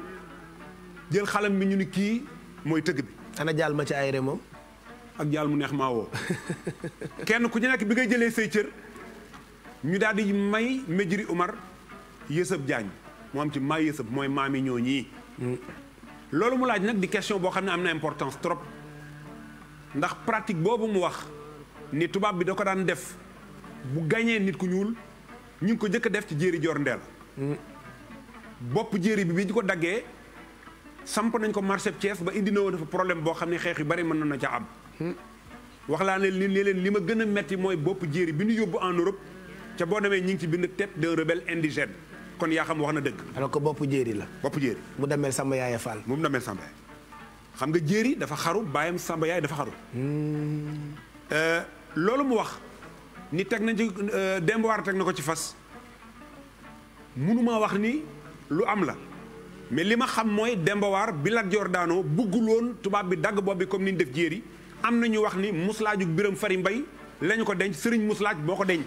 jël xalam bi ñu ni ki moy teug bi ana jaal ma ci ayre mom ak jaal mu neex ma wo [laughs] kenn ku ñu nekk bi ngay jëlé sey cër ñu daal di may Medjiri Umar Yësëb Diagne mo am ci may Yësëb moy mami ñoo ñi lolu mu laaj nak di question bo xamne amna importance trop ndax pratique bobu mu wax ni tubab bi da ko daan def bu gagné nit ku ñuul ñu ko jëk def ci jéeri jor ndel bop jéeri bi bi ñu ko daggee samp nañ ko marché chef ba indi na dafa problème bo xamne xex yu bari mën na ci am wax la ne li leen lima gëna metti moy bop bi ñu yobbu en Europe ca boo demee ñi ngi ci bind tête d'un rebelle indigène kon yaa xam wax na dëgg. alors ko bopp jéeri la. bopp jéeri. mu demel Samba Yaay Fall. mu demel Samba Yaay xam nga jéeri dafa xaru bàyyam Samba Yaay dafa xaru. Hmm. Euh, loolu mu wax ni teg na ci euh, démb waar teg na ko ci fas mënuma wax ni lu am la. mais li ma xam mooy dembawaar bi Lat Joor daanoo bëggul woon tubaab bi dagg bopp bi comme ni ñu def jéeri am na ñu wax ni muslaajug biram fari mbay la ko denc sëriñ muslaaj boo ko denc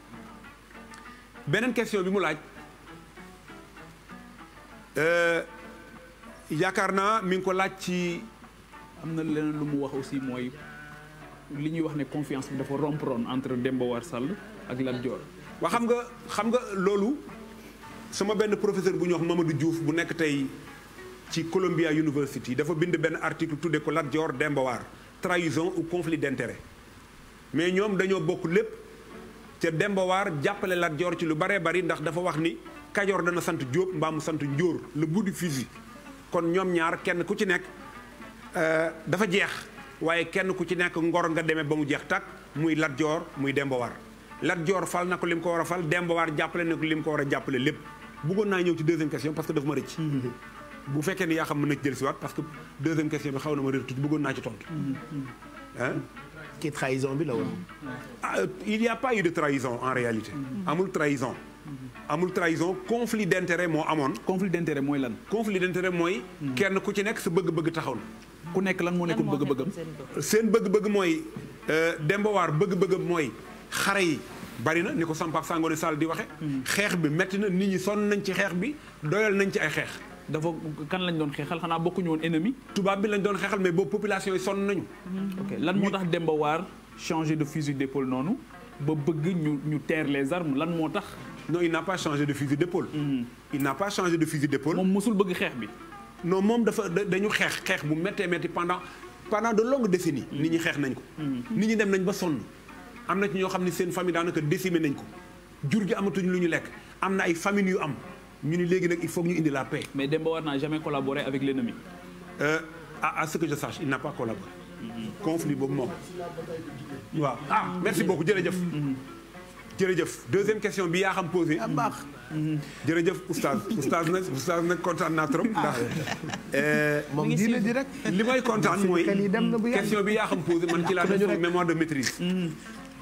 benen question bi mu laaj euh yakarna mi ngi ko laaj ci amna na leneen lu mu wax aussi moy li ñuy wax ne confiance bi dafa rompron entre Demba War Sall ak Lam Dior. waa xam nga xam nga lolu sama benn professeur bu ñu wax Mamadou Diouf bu nekk tey ci Columbia University dafa bind benn article tuddee ko Lam Dior Demba War trahison ou conflit d'intérêt mais ñoom dañoo bokk lépp. ca Demba jàppale Lat Joor ci lu baree bari ndax dafa wax ni Kajoor dana sant Jóob mbaa mu sant Njóor la bout du fusil kon ñoom ñaar kenn ku ci nekk euh, dafa jeex waaye kenn ku ci nekk ngor nga demee ba mu jeex takk muy Lat Joor muy Demba Waar Joor fal na ko lim ko war a fal Demba Waar jàppale na ko lim ko war a jàppale lépp bëggoon naa ñëw ci deuxième question parce que dafa ma rëcc mm-hmm. bu fekkee ni yaa xam mën na jël si waat parce que deuxième question bi xaw na ma réer tuuti bëggoon naa ci marqué trahison bi la ah, euh, il y a pas eu de trahison en réalité. amul trahison. amul trahison conflit d' intérêt moo conflit d'intérêt intérêt mooy conflit d'intérêt intérêt mooy. kenn ku ci nekk sa bëgg-bëgg taxaw na. ku nekk lan moo nekkoon bëgg-bëggam seen bëgg-bëgg mooy euh, Demba War bëgg-bëggam mooy xare yi. bari na ni ko Sampap Sangoone Sall di waxe hmm. xeex bi metti na nit ñi son nañ ci xeex bi doyal nañ ci ay xeex dafa kan lañ doon xeexal xanaa bokkuñu woon ennemi. tubaab bi lañ doon xeexal mais boobu population yi sonn nañu. ok lan moo tax Demba War changer de fusil d'épaule noonu ba bëgg ñu ñu terre les armes lan moo tax. non il n'a pas changé de fusil d'épaule. Mm-hmm. il n'a pas changé de fusil d'épaule. moom musul bëgg xeex bi. non moom dafa dañu xeex xeex bu méttee métti pendant pendant de longues décennies. Mm-hmm. nit ñi xeex nañ ko. Mm-hmm. nit ñi dem nañ ba sonn am na ci ñoo xam seen famille daanaka décimé nañ ko jur gi amatuñ lu ñu lekk am na ay famille yu am il faut que la paix. mais Demba n'a jamais collaboré avec l'ennemi. Euh, à, ce que je sache il n'a pas collaboré. conflit ah merci beaucoup deuxième question bi je xam poser. Ah, oustaz oustaz oustaz content de notre question bi à poser. mémoire de maîtrise. Mm.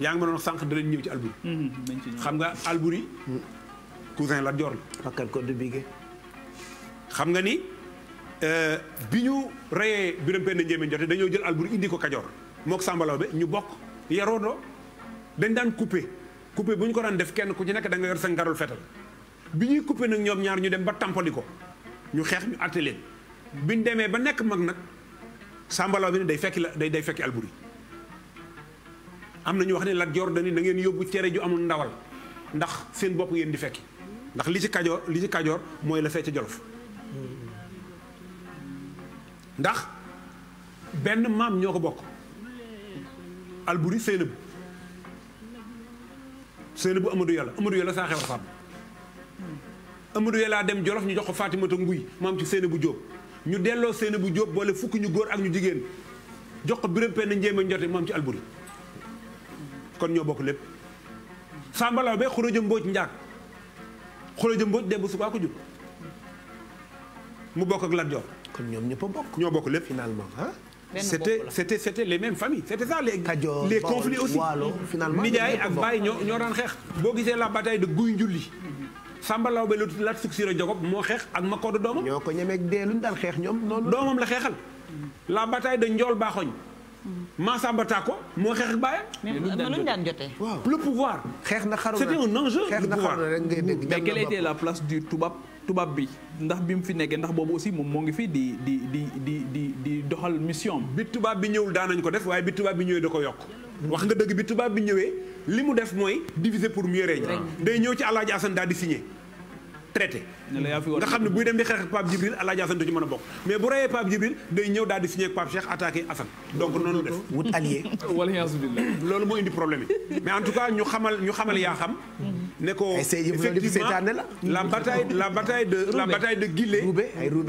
yaa ngi ma doon sànq danañ ñëw ci Alboury. xam nga Alboury. cousin la Joor la. Kan ko du bigé xam nga ni euh, bi ñu reyee Birame Penda Ndiémé Ndiotté dañoo jël Alboury indi ko Kajoor mook Samba be ñu bokk yaroondoo dañ daan coupé coupé bu ñu ko daan def kenn ku ci nekk da nga yor sa ngarul fetal bi ñuy coupé nag ñoom ñaar ñu dem ba tampali ko ñu xeex ñu àtte leen bi demee ba nekk mag nag Samba bi ni day fekki day day fekki Alboury am na ñu wax ne Lat Joor dani na ngeen yóbbu cere ju amul ndawal ndax seen bopp ngeen di fekki ndax li ci kajoor li ci kajoor mooy la fee ca jolof ndax benn maam ñoo ko bokk alburi Seynabu Seynabu Amadou Yàlla Amadou Yàlla saa xewar fàmm Amadou Yàlla dem jolof ñu jox ko Faatimata Nguy maam ci Seynabu Jóob ñu delloo Seynabu Jóob boole fukki ñu góor ak ñu jigéen jox ko Biram Penn Njéemé Njote moom ci alburi kon ñoo bokk lépp Samba Laobé Khourédia Mbodj Ndiak Khourédia Mbodj démb subaa ko jur mu bokk ak Lat Dior. kon ñoom ñëpp a bokk. ñoo bokk lépp finalement ah. c'était c'était c'était les mêmes familles c'était ça les les conflits aussi finalement nijaay ak baay ñoo ñoo daan xeex boo gisee la bataille de Guy Njulli Samba be la Lat Suksira Jogob moo xeex ak Makodo doomam ñoo ko ñemeeg dee luñ daan xeex ñoom noonu doomam la xeexal la bataille de Njool Baaxoñ Massamba Tako moo xeex ak waaw le pouvoir. xeex na xaru c'était un enjeu. xeex pouvoir. rek ngay dégg mais quelle était la place du Toubab tubaab bi ndax bi mu fi nekkee ndax bobu aussi moom ngi fi di di di di di di doxal mission bi tubaab bi ñëwul daan nañ ko def waye bi tubaab bi ñëwee da ko yok wax nga dëgg bi tubaab bi ñëwee limu def moy diviser pour mieux régner. day ñëw ci Alaaji hassan da di signer traité nga xam ne buy dem di xeex ak Pape Djibril Alaaji Assane du ci mën a bokk mais bu reyee Pape Djibril day ñëw daal di signé ak Pape Cheikh attaqué Assane donc noonu def wut allié [laughs] loolu moo indi problème mais en tout cas ñu xamal ñu xamal yaa xam ne ko effectivement la bataille la bataille de la bataille de Guilé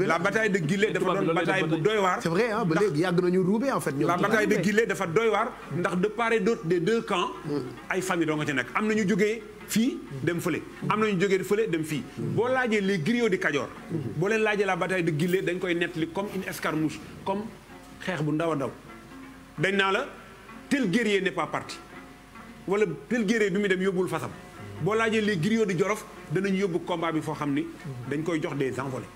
la bataille de Guilé dafa doon bataille bu doy waar c'est vrai hein, ba léegi yàgg nañu ruube en fait la bataille de Guilé dafa doy war, ndax de part d'autres des deux camps mm-hmm. ay famille doo nga ci nekk am nañu jógee fi dem fële am nañu jógee feulé dem fi bo lajé les griots de Kajoor bo len lajé la bataille de Guilé dañ koy nettali comme une escarmouche comme xex bu ndaw ndaw dañ na la tel guerrier n'est pas parti wala tel guerrier bi mu dem yobul fasam bo lajé les griots di dañ ñu yóbbu combat bi fo xamni dañ koy jox des envolées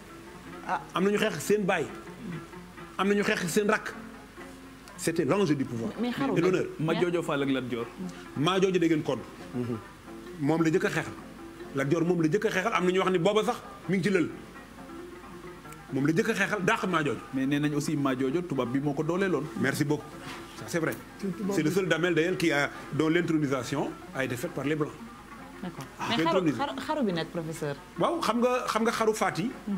Ah, am nañu xeex seen baay am nañu xeex seen rakk c'était l'ange du pouvoir et l'honneur Majoojo Fall ak Lat Joor Majoojo dégg ngeen kon moom la jëkk a xeexal Lat Joor moom la jëkk a xeexal am na ñu wax ni booba sax mi ngi ci lël moom la jëkk a xeexal dàq Majoojo mais nee nañ aussi jojo tuba bi moko ko dooleeloon merci beaucoup ça c'est vrai c'est le seul damel d'ailleurs qui a dont l'intronisation a été faite par les blancs d'accord ah, mais xaru bi nag professeur waaw xam nga xam nga xaru fati mhm.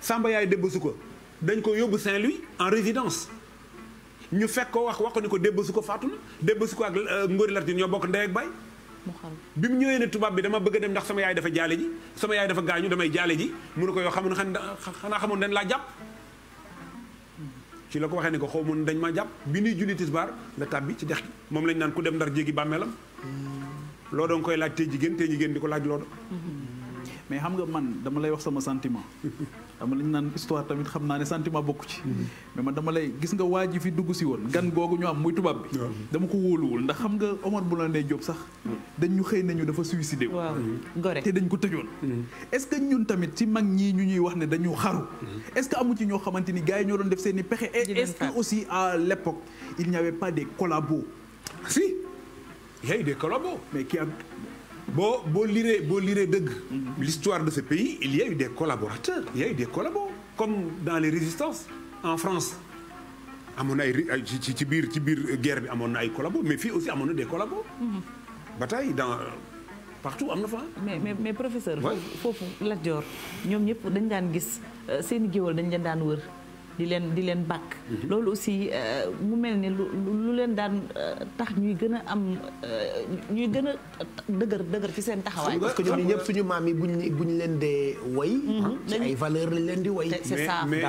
Samba Yaay débbasu ko dañ ko yóbbu Saint-Louis en résidence ñu fekk ko wax waxu ko ni ko débbasu ko ko ak euh, Ngori Latine ñoo bokk ndey ak bay bi mu ñëwee ne tubaab bi dama bëgg dem ndax sama yaay dafa jalé ji sama yaay dafa gaañu damay jalé ji mu ne ko yoo xamoon xana xamoon dañ la japp. ci lako waxé waxee ne ko xaw dañ ma japp, bi ni julli tisbaar la tabbi ci dex Mom lañ naan ku dem ndar jéggi bamélam. Hmm. Lo do ngoy laaj tey jigéen tey jigéen di ko laaj loo doon hmm. mais xam nga man dama lay wax sama sentiment [laughs] xam lañu naan histoire tamit xam naa ne sentiment bokku ci. mais man dama lay gis nga waa ji fi dugg si woon gan googu ñu am muy tubaab bi. dama ko wóoluwul ndax xam nga Omar Blondin Diop sax. dañ ñu xëy nañu dafa suicidé wu. gore te dañ ko tëjoon. Mm-hmm. est-ce que ñun tamit ci mag ñi ñu ñuy wax ne dañu xaru. Mm-hmm. est-ce que amu ci ñoo xamante ni gars yi ñoo doon def seen i pexe. est-ce aussi à l'époque il n'y avait pas des collabos. si il y a mais qui a Bon, bon lire, bon lire de l'histoire de ce pays il y a eu des collaborateurs il y a eu des collabos comme dans les résistances en France À mon ay ci biir ci biir guerre bi amoon ay collabos mais fii aussi amoon des collabos. Mm-hmm. bataille dans partout à mon fa. mais mais mais professeur. foofu Lat Joor ñoom ñëpp dañ daan gis euh, seen i géwal dañ leen daan wër. di leen di leen bàkk mhm. loolu aussi euh, mu mel ni lu leen daan euh, tax ñuy gën a am euh, ñuy gën a dëgër dëgër ci seen taxawaay parce que ñoom ñëpp suñu maam yi buñ buñ leen dee way mhm. valeur lañ leen di way c'est ça mais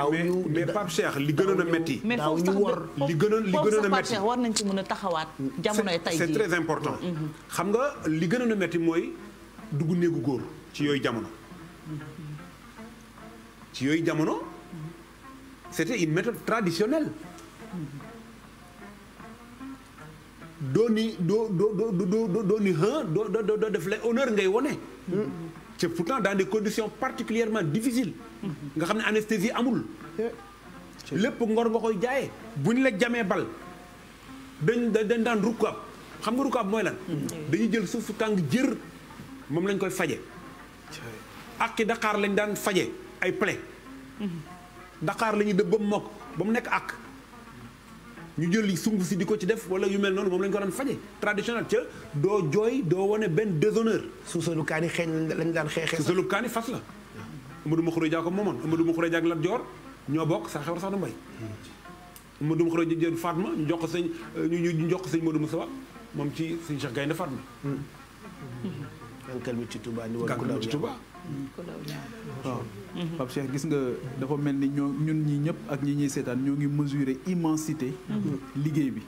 mais Pape Cheikh li gënoon a métti mais ñu wor li gënoon li a métti war nañ ci mën a taxawaat jamonoy tey jii c'est très mhm. xam nga li gënoon a métti mooy dugg néegu góor ci yooyu jamono ci yooyu jamono c'était une méthode traditionnelle. dooni doo doo doo dooni honneur ngay wone. c'est pourtant dans des conditions particulièrement difficiles. nga xam anesthésie amul. lépp ngor nga koy jaayee. buñ la jamee bal dañ dañ daan rukkaab xam nga rukkaab mooy lan. dañuy jël suuf su tàng jër lañ koy faje ak ki lañ daan faje ay plaie. Dakar la ñuy dëb ba mu mokk ba mu nekk ak ñu jël sunguf si di ko ci def wala yu mel noonu moom lañ ko daan faje traditionnel ca doo jooy doo wone benn déshonneur. suusalu kaani xeeñ lañ daan xeexee. suusalu kaani fas la. Amadou Mokhura Dia ko moomoon Amadou Mokhura Dia ak Lat Joor ñoo bokk sa xewar sax du mbay. Amadou Mokhura Dia jël Fatma ñu jox ko sëñ ñu ñu jox ko sëñ Modou Moussa moom ci sëñ Cheikh Gaynde Fatma. gànkal mi ci Touba ni wala. waaw Pape Cheikh gis nga dafa mel ni ñoo ñun ñi ñëpp ak ñi ñuy seetaan ñoo ngi mesurer immensité liggéey bi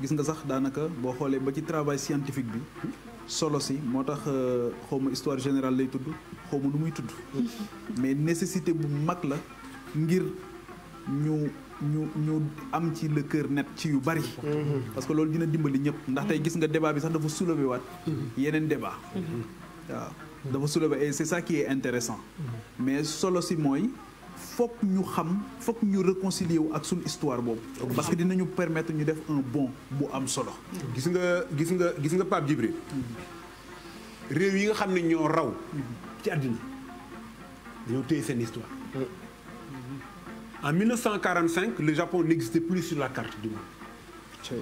gis nga sax daanaka boo xoolee ba ci travail scientifique bi solo si moo tax euh, xawma histoire général lay tudd xawma lu muy tudd mais nécessité bu mag la ngir ñu ñu ñu am ci le cœur net ci yu bari. Mhm. parce que loolu dina dimbali ñëpp ndax tey gis nga débat bi sax dafa soulever waat mhm. yeneen débat mhm. waaw et c'est ça qui est intéressant mais solo si moi, que nous xam nous ñu réconcilier histoire parce que nous permettre de faire un bon bu am solo gis nga gis nga gis nga Pape Djibril rew yi nga xamni ñoo raw histoire en 1945 le Japon n'existait plus sur la carte du monde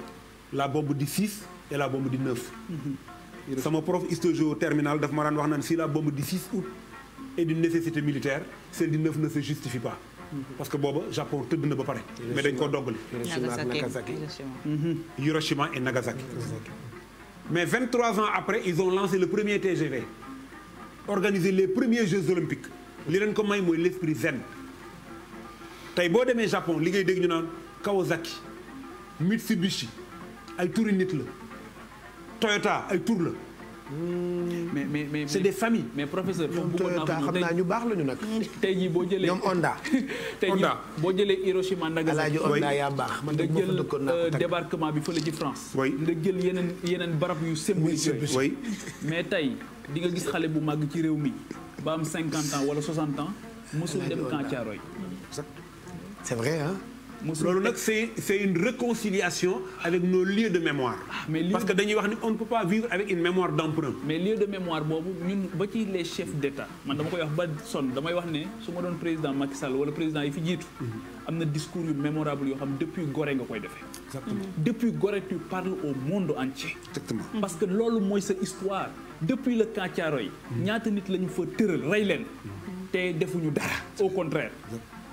la bombe du 6 et la bombe du 9 mon prof histoire au terminal. ma daan wax si la bombe du 6 août est d'une nécessité militaire celle du 9 ne se justifie pas parce que le Japon tout na ba pas. mais le ko a Hiroshima Nagasaki mhm. Hiroshima et Nagasaki mais 23 ans après ils ont lancé le premier TGV organisé les premiers Jeux Olympiques li ont ko may l'esprit zen tey de demee Japon li ngay ñu Kawasaki Mitsubishi ay Toyota ay tour la. Hmm. mais mais mais c'est des familles. mais professeur ñoom Toyota xam naa ñu bax lañu nak tay ji bo boo ñom ñoom Honda. [laughs] tey jii boo jëlee Hiroshima Nagasaki. alaaji Honda ya baax man de ko euh, teg nga jël débarquement bi fële ci France. oui nga jël yenen yenen barap yu symbolique oui mais tay di nga gis xalé bu mag ci réew mi ba am 50 ans wala 60 ans musul dem Camp roy c'est vrai hein loolu c'est c'est une réconciliation avec nos lieux de mémoire. Ah, parce que dañuy wax ni on ne peut pas vivre avec une mémoire d'emprunt. mais lieu de mémoire boobu ñun ba ci les chefs d'État man dama koy wax ba sonn damay wax ne président Macky Sall wala président yi fi un mhm. discours yu mémorable yoo xam depuis Gorée nga koy defee. exactement mhm. depuis Gorée tu parles au monde entier. exactement parce que loolu mooy sa histoire depuis le camp Thiaroye mhm. ñaata nit lañu fa tëral rey leen. te defuñu dara au contraire.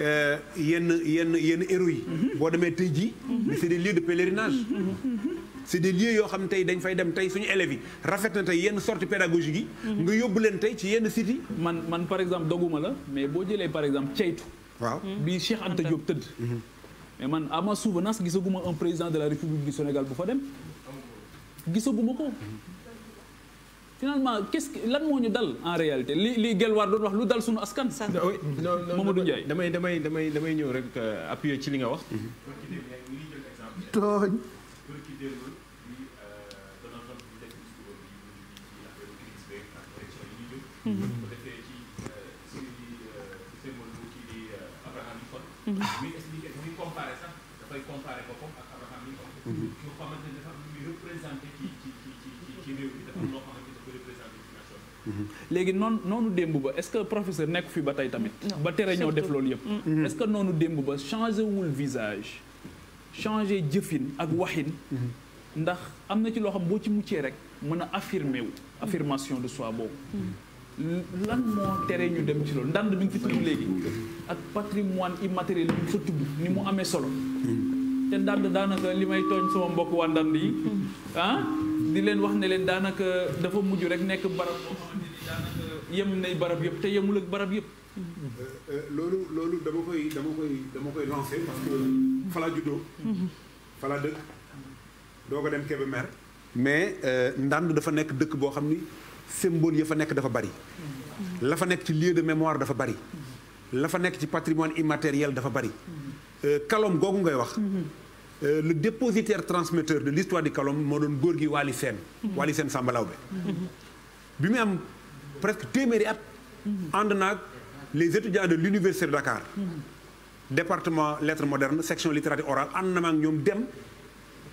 Euh, yenn yenn yenn héros yi. Mhm. boo demee tey jii. Mhm. c'est des lieux de pèlerinage. Mhm. c'est des lieux yoo xam tey dañ fay dem tey suñu élèves yi rafet na tey yenn sortie pédagogique yi. nga yóbbu leen tey ci yenn sites man man par exemple doguma la mais boo jëlee par exemple ceytu. waaw bi Cheikh Anta Diop tëdd. mais man à ma souvenance gisaguma un président de la République du Sénégal bu fa dem gisaguma ko. finalement qu'est-ce que lan moñu dal en réalité li li war do wax lu dal suñu askan. momadou ndjay damay damay damay damay ñew rek euh, appuyer ci li nga wax. Mm-hmm. Mm-hmm. léegi non, non démb ba est-ce que professeur nek fi batay tamit. ba tere ñëw def loolu mm-hmm. est-ce que noonu démb ba changé wul visage Changer jëfine ak waxin. Mm-hmm. ndax amna ci lo xam bo ci muccé rek mëna affirmer wu affirmation de soi bon. lan mo tere ñu dem ci loolu ndand bi nga fi tuddu léegi ak patrimoine immatériel bi fa ni mu amé solo. té ndànd daanaka li may tooñ sama mbokk waa yi ah. di leen wax ne leen daanaka dafa mujj rek nekk barab boo nay barab yëpp te yemul ak barab yëpp. Euh, euh, loolu loolu dama koy dama koy dama koy lancé parce que fala juddoo. fala dëkk doo ko dem Kébémer. mais euh, ndànd dafa nekk dëkk boo xam ni symbole ya fa nekk dafa bari. la fa nekk ci lieu de mémoire dafa bari. la fa nekk ci patrimoine immatériel dafa bari. kalom googu ngay wax. Euh, le dépositaire transmetteur de l'histoire du Kalom c'est doon góor gi Waly mhm. mhm. presque deux mérites mhm. les étudiants de l'université de Dakar département lettres modernes section littérature orale ils ont ma dem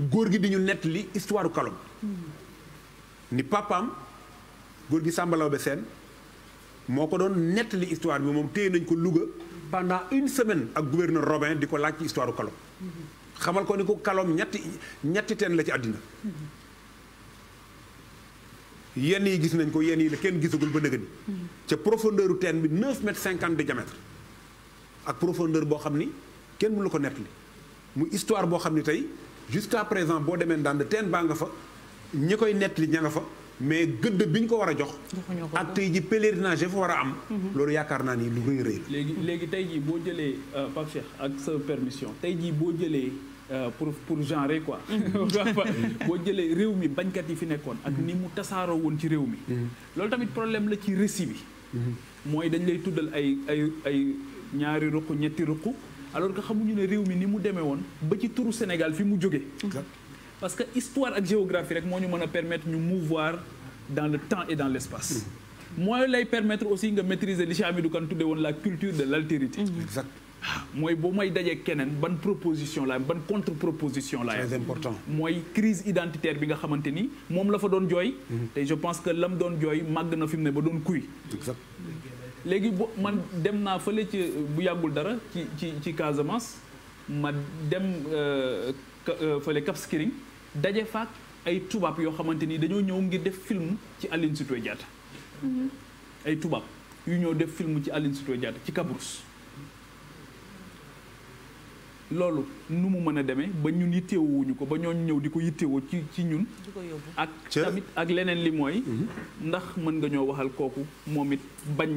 pas gi di ñu histoire du Kalom ni papaam Gorgi Sambalaoube, Sen, moko don moo histoire bi mom téye nañ ko Louga pendant une semaine ak gouverneur Robin diko lacc histoire du Kalom xamal ko ni ko kalom ñetti ñetti ten la ci àddina yenn yi gis nañ ko yenn yi la kenn gisagul ba nëgëni ca profondeur ten bi 9 m 50 de diamètre ak profondeur boo xam ni kenn mënu ko nettali mu histoire boo xam ni tey jusqu'à présent boo demee Ndande ten baa nga fa ñi koy netti ña nga fa mais gëdd bi ñu ko war a jox. ak tey ji pèlerinage fa war a am. Mhm. loolu yaakaar naa ni lu rëy rëy la. léegi léegi tey jii boo jëlee euh, Pape Cheikh ak sa permission tey jii boo jëlee. Euh, pour pour genre quoi. Mhm. [laughs] boo jëlee réew mi bañkat yi fi nekkoon. ak ni mu tasaaroo won ci réew mhm. lolou tamit problème la ci récit bi. Mhm. mooy dañ lay tuddal ay ay ay ñaari ruq ñetti ruq. alors que xamuñu ne réew mi ni mu démé won ba ci touru Sénégal fi mu jóge parce que histoire ak géographie rek moo ñu mën permettre ñu mouvoir dans le temps et dans l'espace moy lay permettre aussi nga maîtriser li Hamidou kan tudde won la culture de l'altérité exact mooy boo may dajee keneen ban proposition la ban contre proposition la très important mooy crise identitaire bi nga xamante ni moom la fa doon jooy mhm. te je pense que lam doon joy, mag na fi mu ne ba doon kuy léegi man dem na fële ci bu yàggul dara ci ci ci Casamance ma dem euh, euh, fële Cap Skirring daje faak ay tubaab yoo xamante ni dañoo ñëw ngir def film ci Aline Sitoé Diatta mhm. ay tubaab yu ñëw def film ci Aline Sitoé Diatta ci Kabrousse loolu nu mu mën a demee ba ñun yitteewuñu ko ba ñooñ ñëw di ko yitteewoo ci ci ñun ak tamit ak leneen li mooy mhm. ndax mën nga ñoo waxal kooku moom bañ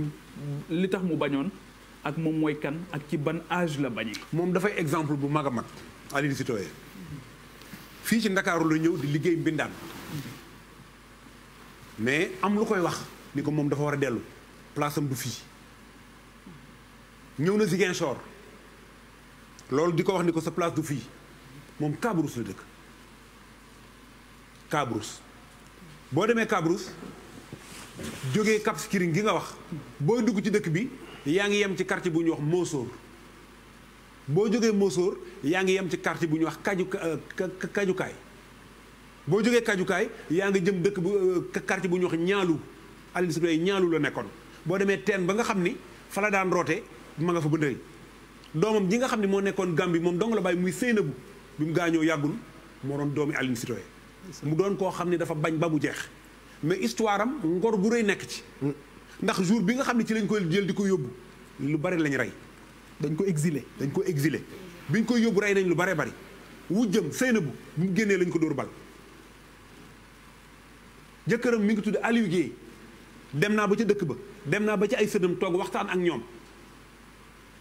li tax mu bañoon ak moom mooy kan ak ci ban âge la Mom moom dafay exemple bu mag a mag Aline Sitoé fii ci ndakaaru la ñëw di liggéey mbindaan mais am lu koy wax ni ko moom dafa war a dellu place am du fii ñëw na Ziguinchor lol di wax ni ko sa place du fi mom cabrous la deuk cabrous bo demé cabrous jógee Cap gi nga wax boy dugg ci deuk bi yaa ngi yem ci quartier bu ñuy wax Mosor yang jógee Mosor yaa ngi yem ci quartier bu ñuy wax Kaju Kajukaay boo jógee Kajukaay yaa ngi jëm deuk bu euh, quartier bu ñuy wax Ñaalu alissou Sitoé Ñaalu la nekkon bo demé ten ba nga xamni fa la daan roté ma nga fa bu doomam ji nga xam ne moo nekkoon bi moom dong la bàyyi muy Seynabou bi mu gaañoo yàggul moo doon doomi Aline Sitoé mu doon koo xam ne dafa bañ ba mu jeex mais histoire am ngor gu rëy nekk ci mm. ndax jour bi nga xam ne ci lañ koy jël di ko yóbbu lu bari lañ rey dañ ko exile dañ ko exilé biñ koy yóbbu rey nañ lu bare bari wujjam na bu mu génnee lañ ko dóor bal jëkkëram mi ngi tudd Aliou gi dem naa ba ca dëkk ba dem naa ba ci ay sëdam toog waxtaan ak ñoom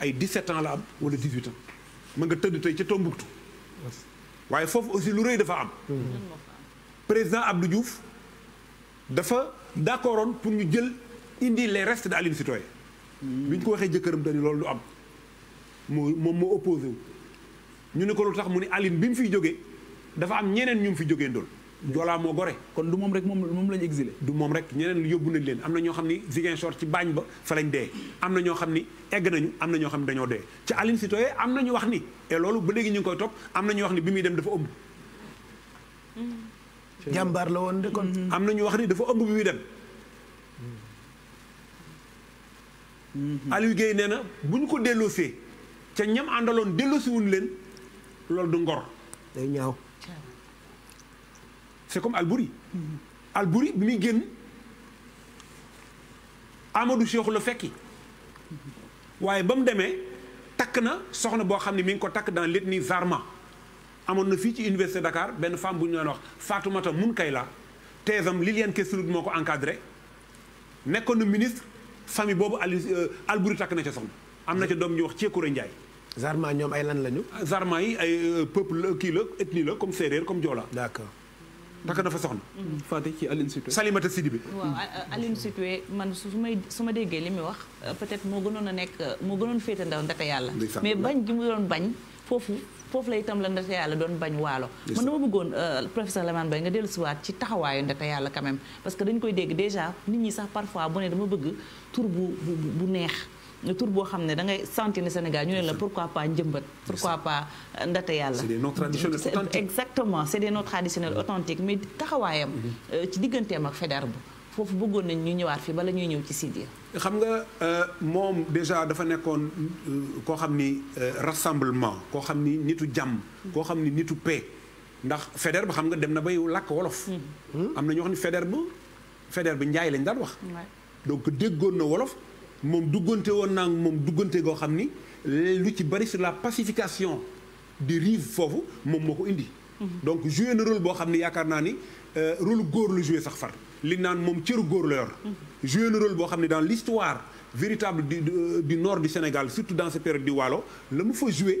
ay 17 ans la am wala 18 ans ma nga tëdd tey ca Tombouctou waaye foofu aussi lu rëy dafa am mm-hmm. président ab du Diouf dafa d'accordoon pour ñu jël indi les restes de Aline Sitoé mm-hmm. bi ñu ko waxee jëkkëram dañu loolu lu am moo moom moo opposé wu ñu ne ko lu tax mu ni Aline bi mu fiy jógee dafa am ñeneen ñu mu fi jógee ndool Joola moo gore kon du moom rek moom moom la ñu exilé du moom rek ñeneen yóbbu nañ leen am na ñoo xam ni Ziguinchor ci baañ ba fa lañ dee am na ñoo xam ni egg nañu am na ñoo xam ni dañoo dee ci Aline Sitoé am na ñu wax ni loolu ba léegi ñu koy topp am na ñu wax ni bi muy dem dafa ëmb mm. la woon de mm. am na ñu wax ni dafa ëmb bi muy dem mm-hmm. Aliou Guèye nee na bu ñu ko delloosee ca ñam àndaloon delloosiwuñ leen loolu du ngor day ñaaw c'est comme Albouri. Albouri bi muy génn Amadou Cheikh la fekki waaye ba mu demee takk na soxna boo xam ne mi ngi ko takk dans l'ethnie zarma amoon na fii ci université Dakar benn femme bu ñu doon wax Fatoumata Munkayla thèse am Liliane Kesseloud moo ko encadré nekkoon na ministre famille boobu Ali euh, Albouri takk na ca soxna am na ca doom ñu wax Ceekure Ndiaye. Zarma ñoom ay lan lañu. Zarma yi ay euh, peuple kii la ethnie la comme séeréer comme joola takk na fa soxna. Mm-hmm. Fatick ci Aline Sitoé. Salimata Sidibé. waaw Aline Sitoé man su may su déggee li muy wax euh, peut-être moo gënoon a nekk moo gënoon féete ndaw ndata yàlla. mais bañ gi mu doon bañ foofu. foofu la itam la ndata yàlla doon bañ waalo man dama bëggoon euh, professeur Lamane Mbaye nga dellu siwaat ci taxawaayu ndata yàlla quand même parce que dañ koy dégg déjà nit ñi sax parfois bu ne dama bëgg tur bu bu bu neex tur boo xam ne da ngay sentir ne Sénégal ñu ne la pourquoi pas njëmbat pourquoi pas euh, ndate yàlla c'est des noms traditionnels authentiques exactement c'est des noms traditionnels authentiques mais taxawaayam mm-hmm. euh, ci digganteem ak Faidherbe foofu bëggoon nañ ñu ñëwaat fii bala ñuy ñëw ci Sidia xam nga euh, moom déjà dafa nekkoon koo xam ni rassemblement koo xam ni nitu jàmm mm-hmm. koo xam ni nitu paix ndax Faidherbe xam nga dem na bay làkk wolof mm-hmm. am na ñoo xam ne Faidherbe Faidherbe njaay lañ daan wax donc déggoon na wolof moom duggante woon naa moom duggante goo xam ni lu ci bari sur la pacification des rives foofu moom moo indi. Mhm. donc jouer na rôle boo xam ni yaakaar euh, rôle góor le jouer sax far. li naan moom cëru góor la yor. Mhm. joué rôle boo xam dans l'histoire véritable du euh, du nord du Sénégal surtout dans cette période du Walo, la mu fa joué.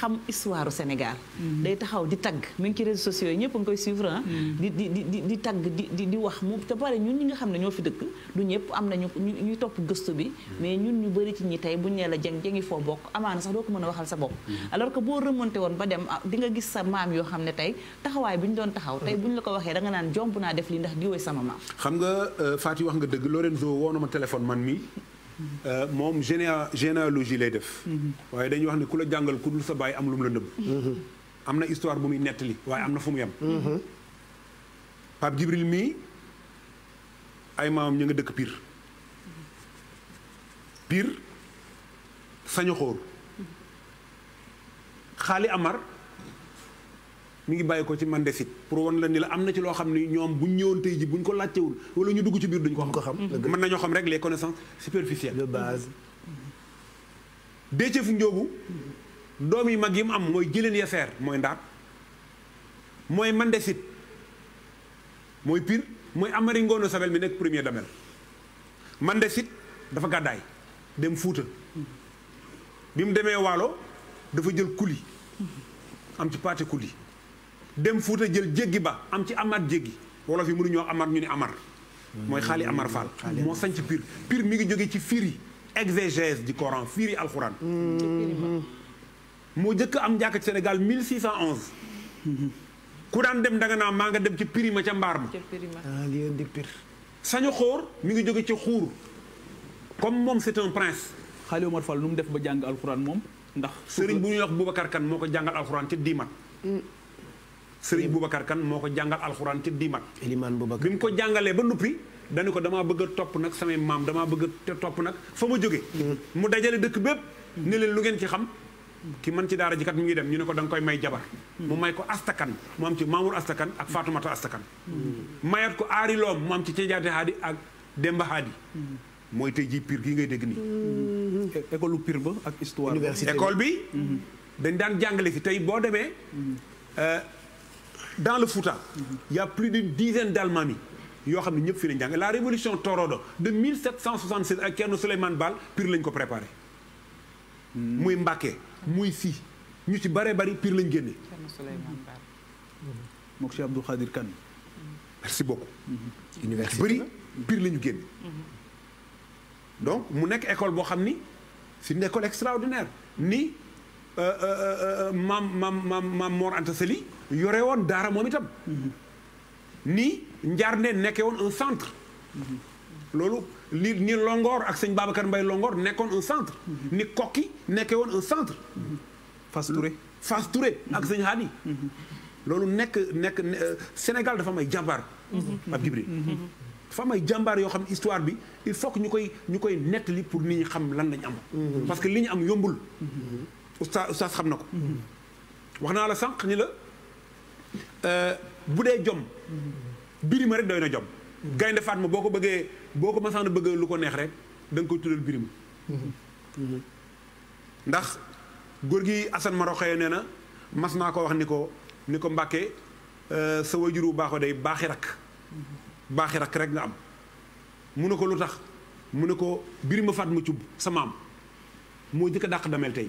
xam histoire u Sénégal mm-hmm. day taxaw di tagg mu ngi ci réseaux sociaux yi ñëpp nga koy suivre ah mm-hmm. di di di di tagg di di di wax moom te pare ñun ñi nga xam ne ñoo fi dëkk du ñëpp am na ñu ñuy topp gëstu bi mm-hmm. mais ñun ñu bëri ci ñi tey buñ nee la jeng jengi foo bokk amaana sax doo ko mën a waxal sa bopp alors que boo remonté woon ba dem ah, di nga gis sa maam yoo xam ne tey taxawaay bu ñu doon taxaw tey ñu la ko waxee da nga naan jomb naa def li ndax diwee sama maam xam nga euh, Fatou wax nga dëgg Lorenzo woo na ma man mi Euh, moom généa généalogie lay def. Mm-hmm. waaye dañuy wax ne ku la jàngal ku dul sa baay am lu mu la nëbb. Mm-hmm. am na histoire bu muy nettali waaye am na fu mu yem. Mm-hmm. Pape Djibril mii ay maamam ñu nga dëkk Pire. Pire sañu xóor xaali Amar. mu ngi bàyyi ko ci man desit pour wan la ni la am na ci loo xam ni ñoom buñ ñëwoon tey ji buñ ko laajtewul wala ñu dugg ci biir duñ ko xam mën nañoo xam rek les connaissances superficielles de base déecëf njóobu doom yi mag yi mu am mooy jëleen yaseer mooy ndaat mooy man desit mooy pir mooy amari ngono sabel mi nekk premier damel man desit dafa gàddaay dem fuuta bi mu demee waalo dafa jël kuli am ci paate kuli dem fouta jël jéggi ba am ci amaat wala fi mënu mënuñoo amaat ñu ni amar moy hmm. khali amar fall hmm. sañ ci pir pir mi ngi joggé ci firi exégèse du coran firi alcorane mo jëk am njàkk ci sénégal 1611 ku daan dem nga na ma nga dem ci pirima ca mbar ma ah, sañu xoor mi ngi joggé ci xoor comme mom c'est un prince khali omar fall num def ba jang alcorane mom ndax serigne buñu wax boubacar kan moko jangal alcorane ci dimat hmm. sëriñ Boubacar kan moo ko jàngal alxuraan te di mag Eliman Boubacar bi mu ko jàngalee ba nuppi dañu ko damaa bëgg a topp nag samay maam damaa bëgg te topp nag fa ma jóge hmm. mu dajale dëkk bépp ni leen lu ngeen ci xam ki man ci daara ji mu ngi dem ñu ne ko danga koy may jabar hmm. mu may ko astakan mu am ci Mamour astakan ak Fatoumata astakan hmm. mayat ko aari loom mu am ci ceejaate haadi ak Demba haadi mooy tey jii piir gi ngay dégg nii école pir ba ak histoire université école bi dañ daan jàngale fi tey boo demee euh, dans le Fouta il y a plus d'une dizaine d'Almami. yoo xam ne ñëpp fii lañ la révolution Torodo de 1776 ak Thierno Souleymane Baal Pire lañ ko préparé. Hmm. muy Mbacke muy si ñu ci baree bari Pire lañ génne. Thierno Cheikh Abdou Khadir Kane. merci beaucoup. Hmm. université bëri Pire la ñu hmm. donc mu école boo ni c'est une école extraordinaire ni. mam mam mam maam Mor Anta Sali yore woon daara moom itam mm-hmm. ni Njaarnde nekkee woon un centre mm-hmm. loolu li ni Longoor ak sëñ Babacar mbay Longoor nekkoon un centre mm-hmm. ni Kokki nekkee woon un centre Fass Touré Fass Touré ak sëñ Hadi loolu nekk nekk euh, Sénégal dafa may jàmbaar ab Jibril dafa may jàmbaar yoo xam histoire bi il faut ñu koy ñu koy nettali pour nit ñi xam lan lañ am parce que li am yombul oustaz oustaz xam na ko. wax naa la sànq ni la euh, bu dee jom. birima rek doy na jom. gaynde ma boo ko bëggee boo ko masaan bëggee lu ko neex rek da nga koy tuddal birima. ndax góor gi Assane Maroxaye nee na mas naa ko wax ni ko ni ko Mbàkke euh, sa wajur wu baaxoo day baaxi rakk baaxi rakk rek nga am mu ne ko lu tax mu ne ko birima Fatma cub sama am moo jëkk a dàq damel tey.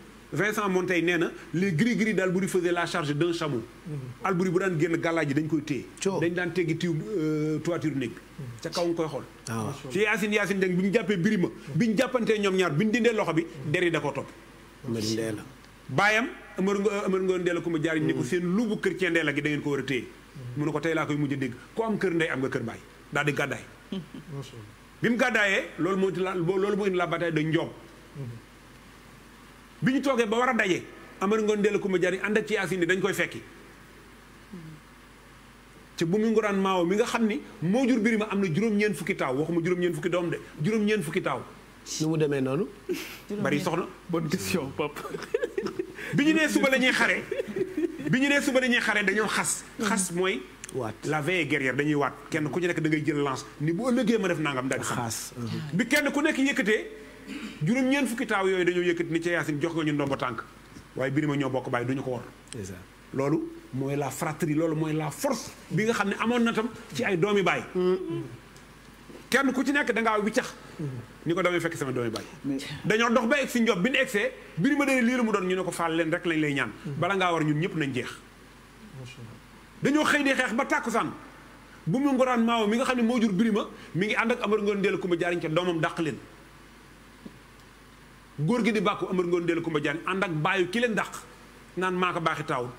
Vincent Monteil nee na les gris-gris d'Albury faisaient la charge d'un chameau. Mm-hmm. Albury bu daan génn gàllaaj ji dañ koy téye. dañ daan teggi tiw euh, toiture néeg mm-hmm. ca kaw nga koy xool. Ah, ci Yacine Yacine Dieng bi ñu jàppee Birima. Mm-hmm. bi ñu jàppantee ñoom ñaar bi ñu dindee loxo bi. deri da ko topp. baayam Amar Amar Ngoone Ndeela ku ma jaariñ ni ko seen lubu kër cee Ndeela gi da ko war a téye. mu ne ko tey laa koy mujj dégg ku am kër ndey am nga kër baay daal di gàddaay. [laughs] bi loolu moo loolu moo indi la bataille de Ndiob bi ñu toogee ba war a daje Amari ku ma Kumba Jaara ànd ak ci Yaasin dañ koy fekki ci bu mu ngoraan maawo mi nga xam ni moo jur Birima am na juróom-ñeent fukki taaw waxuma juróom-ñeent fukki doom de juróom fukki taaw. nu mu demee noonu. bari soxna bonne question pap [laughs] bi ñu nee suba lañuy ñuy xare bi ñu nee suba la ñuy xare dañoo xas. xas mooy. waat la veille guerrière dañuy waat kenn ku ci nekk da ngay jël lance ni bu ëllëgee ma def nangam daal di. xaas uh-huh. bi kenn ku nekk yëkkatee. juróom ñeen fukki taw yooyu dañoo yëkkati ni ca yaasin jox nga ñu ndomba tànk waaye birima ñoo bokk bàyyi duñu ko wor loolu mooy la fratrie loolu mooy la force bi nga xam ne amoon na tam ci ay doomi bàyyi kenn ku ci nekk da ngaa wiccax ni ko damay fekk sama doomi bàyyi dañoo dox ba egg si njob bi ñu egsee birima dee lii mu doon ñu ne ko faal leen rek lañ lay ñaan bala ngaa war ñun ñëpp nañ jeex dañoo xëy di xeex ba tàkkusaan bu mu ngoraan maawo mi nga xam ne moo jur birima mi ngi ànd ak amar ngoon deel ku ma jaariñ ca doomam dàq leen góor gi di bàkku amar ngoon dellu Kumba jaan ànd ak baayu ki leen dax naan maa ko baaxi taaw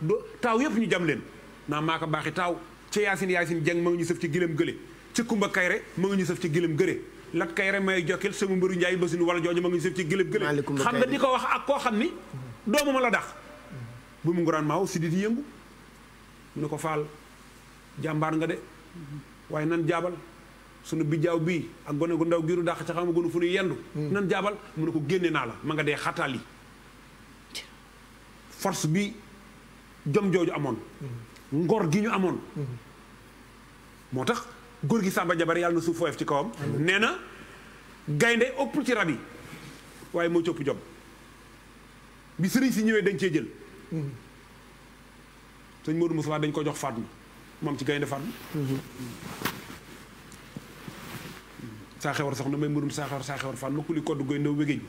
taaw yëpp ñu jam leen naan maa ko baaxi taaw ca yaasin yaasin jeng ma ngi ñu sëf ci gilem gële ca Kumba Kayre ma ngi ñu sëf ci gilem gële lat Kayre may jokkil sama mbëru njaay basinu wala jooju ma ngi ñu sëf ci gilem gële xam nga di ko wax ak koo xam ni doomu ma la dàq bu mu nguraan maaw si di yëngu mu ne ko faal jàmbaar nga de waaye nan jaabal sunu bijau bi ak gone gu ndaw giiru dàq ca xam gonu fu yendu hmm. nan jabal mu ne ko na la ma nga dé xatali force bi jom joju amon, hmm. ngor gi ñu amoon hmm. motax gor gi samba jabar yalla na suuf fooyef ci kawam nee gaynde opp ci rab waye mo ciop jom bi sëriñ ci ñewé dañ ci jël sëñ Modou dañ ko jox Fatma mom ci gaynde Fatma saaxewar soxna may murum saaxewar saaxewar fan ma kuli kodd goy ndaw wégéej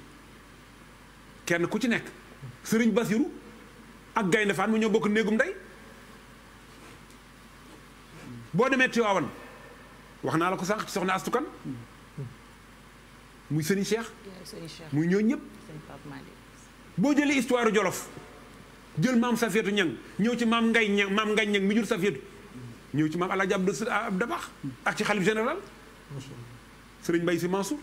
kenn ku ci nekk sëriñ basiru ak gaynde fan mu ñoo bokk néegum ndey boo demee Tiwaawan wax naa la ko sànq ci soxna astukan muy sëriñ Cheikh muy ñëw ñëpp boo jëlee histoire jolof jël maam safeetu ñang ñëw ci maam ngay ñang maam ngay ñang mi jur safeetu ñëw ci maam alaaji ab dabax ak ci xalif général sëriñ Mbaye Sy Mansour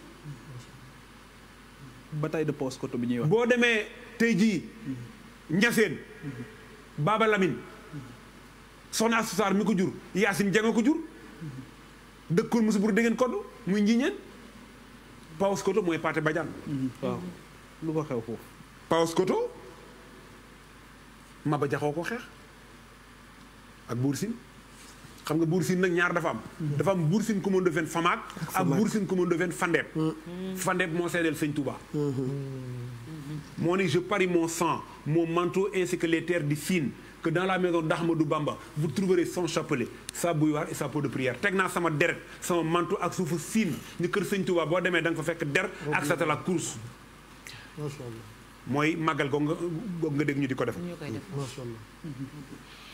bataille de Paoskoto bi ñuy wax. boo demee tey jii Ndiassène Baba Lamine soxna Astou Sarr mi ko jur Yacine Dieng ko jur dëkkoon mosu bur dégg ngeen kodd muy njiñeen Paoskoto mooy Pathé Badiane. waaw lu ko xew foofu. Paoskoto Maba Jaxoo ko xeex ak Buur Sine xam nga buur nak ñaar dafa am dafa am buur siin commande fen famaak ak buur siin commande fen fandeb mm. fandeb mo seedeel seigne Touba mm-hmm. moni je parie mon sang mon manteau ainsi que les terres du Sine que dans la maison d'Ahmadou Bamba vous trouverez son chapelet sa bouilloire et sa peau de prière Tekna sama deret sama manteau ak soufou siin ni keur seigne Touba bo demee dang ko fa fekk der ak satala course mooy màggal ko nga nga dégg ñu di ko def.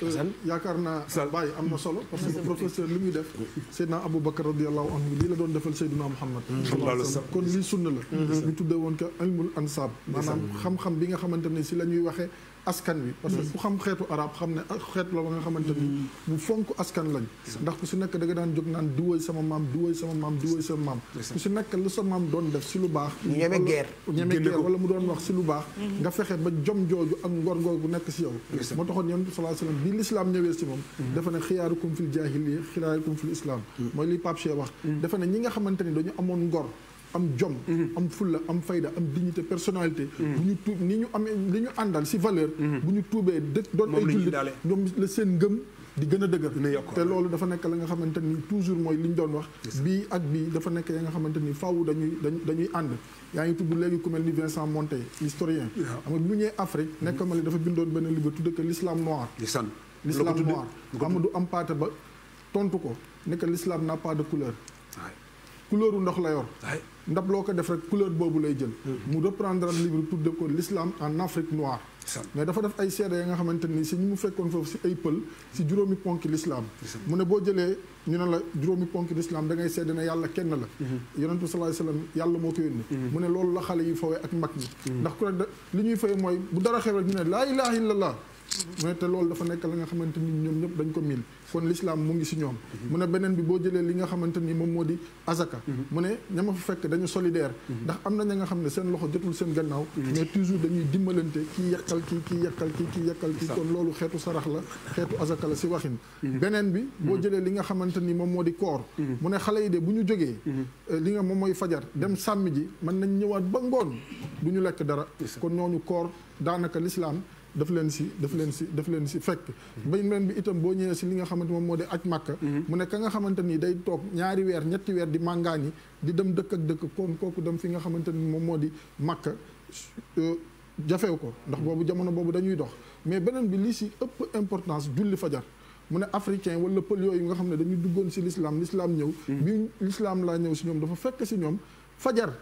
yaakaar naa bàyyi am na solo parce que professeur li muy def Seydina Aboubacar radiallahu anhu lii la doon defal Seydina Muhammad mm-hmm. kon lii sunna la mm-hmm. ñu tuddee woon ko ilmul ansaab maanaam xam-xam bi nga xamante ne si la ñuy waxee askan wi parce que mm. ku xam xeetu arab xam ne xeet la ba nga xamante ni bu mm. fonk askan lañ ndax ku si nekk danga nga daan jóg naan diwooy sama maam diwooy sama maam diwooy sama maam ku si nekk lu sa maam doon def si lu baax ñeme guerre ñeme wala mu doon wax si lu baax mm-hmm. nga fexe ba jom jooju ak ngor ngor bu nekk si yow moo taxoon yonent bi sallallahu alayhi wasallam bi ñëwee si moom mm-hmm. dafa ne xiyaarukum fil jaahiliyya xiyaarukum fi islam mm-hmm. mooy li Pape Cheikh wax dafa ne ñi nga xamante ni dañu amoon ngor am jom mhm. am fulla am fayda am dignité personnalité mhm. bu ñu tuub ni ñu amee li ñu àndal si valeur mhm. bu ñu tuubee dëkk doon ay jullit ñoom la seen ngëm di gën a dëgër te loolu dafa nekk la nga xamante ni toujours mooy li ñu doon wax bii ak bii dafa nekk ya nga xamante ni faaw dañuy dañuy ànd yaa ngi tudd léegi ku mel ni Vincent Monteil historien xam nga bi mu ñëwee Afrique nekk Mali dafa bindoon benn livre tudde que l'islam noir l'islam du am Hampâté Bâ tontu ko nekk l'islam n'a pas de couleur couleur u ndox la yor ndab loo ko def rek couleur boobu lay jël mu reprendre livre tudde ko l'islam en Afrique noire mais dafa def ay seede ya nga xamante ni si ñu mu fekkoon foofu si ay pël si juróomi ponk l'islam mu ne boo jëlee ñu ne la juróomi ponk l'islam da ngay seede ne yàlla kenn la mm-hmm. yonent bi sallallahu alayhi wasallam yàlla moo ko yónni mm-hmm. mu ne loolu la xale yi fawee ak mag ñi mm-hmm. ndax ku ne li ñuy fay mooy bu dara xew rek ñu ne laa ilaha illallah mu ne te loolu dafa nekk la nga xamante ni ñoom ñëpp dañ ko miin kon l'islam mu ngi si ñoom mhm. mu ne beneen bi boo jëlee li nga xamante ni moom moo di azaka mhm. mu ne ña ma fa fekk dañu solidaire mhm. ndax am na ña nga xam ne seen loxo jotul seen gannaaw mais toujours dañuy dimbalante kii yekkal kii kii yekkal kii kii yekkal kii kon loolu xeetu sarax la xeetu azaka la si waxin beneen bi boo jëlee li nga xamante ni moom moo di koor mu ne xale yi de bu ñu jógee euh, li nga moom mooy fajar dem sàmm ji mën nañ ñëwaat ba ngoon du ñu lekk dara kon ñooñu koor daanaka l'islam daf leen si daf leen si daf leen si fekk mhm. beneen bi itam boo ñëwee si li nga xamante moom di aj mhm. mu ne ka nga xamante day ñaari ñetti di màngaani di dem dëkk ak dëkk kon kooku dem fi nga xamante ni moom moo euh, jafew ko ndax jamono dañuy dox mais bi li importance julli fajar mu ne africain wala peul yoy nga xamne dañuy duggon ci l'islam l'islam ñew mhm. bi l'islam la ñew ci ñom dafa fekk ci ñom fajar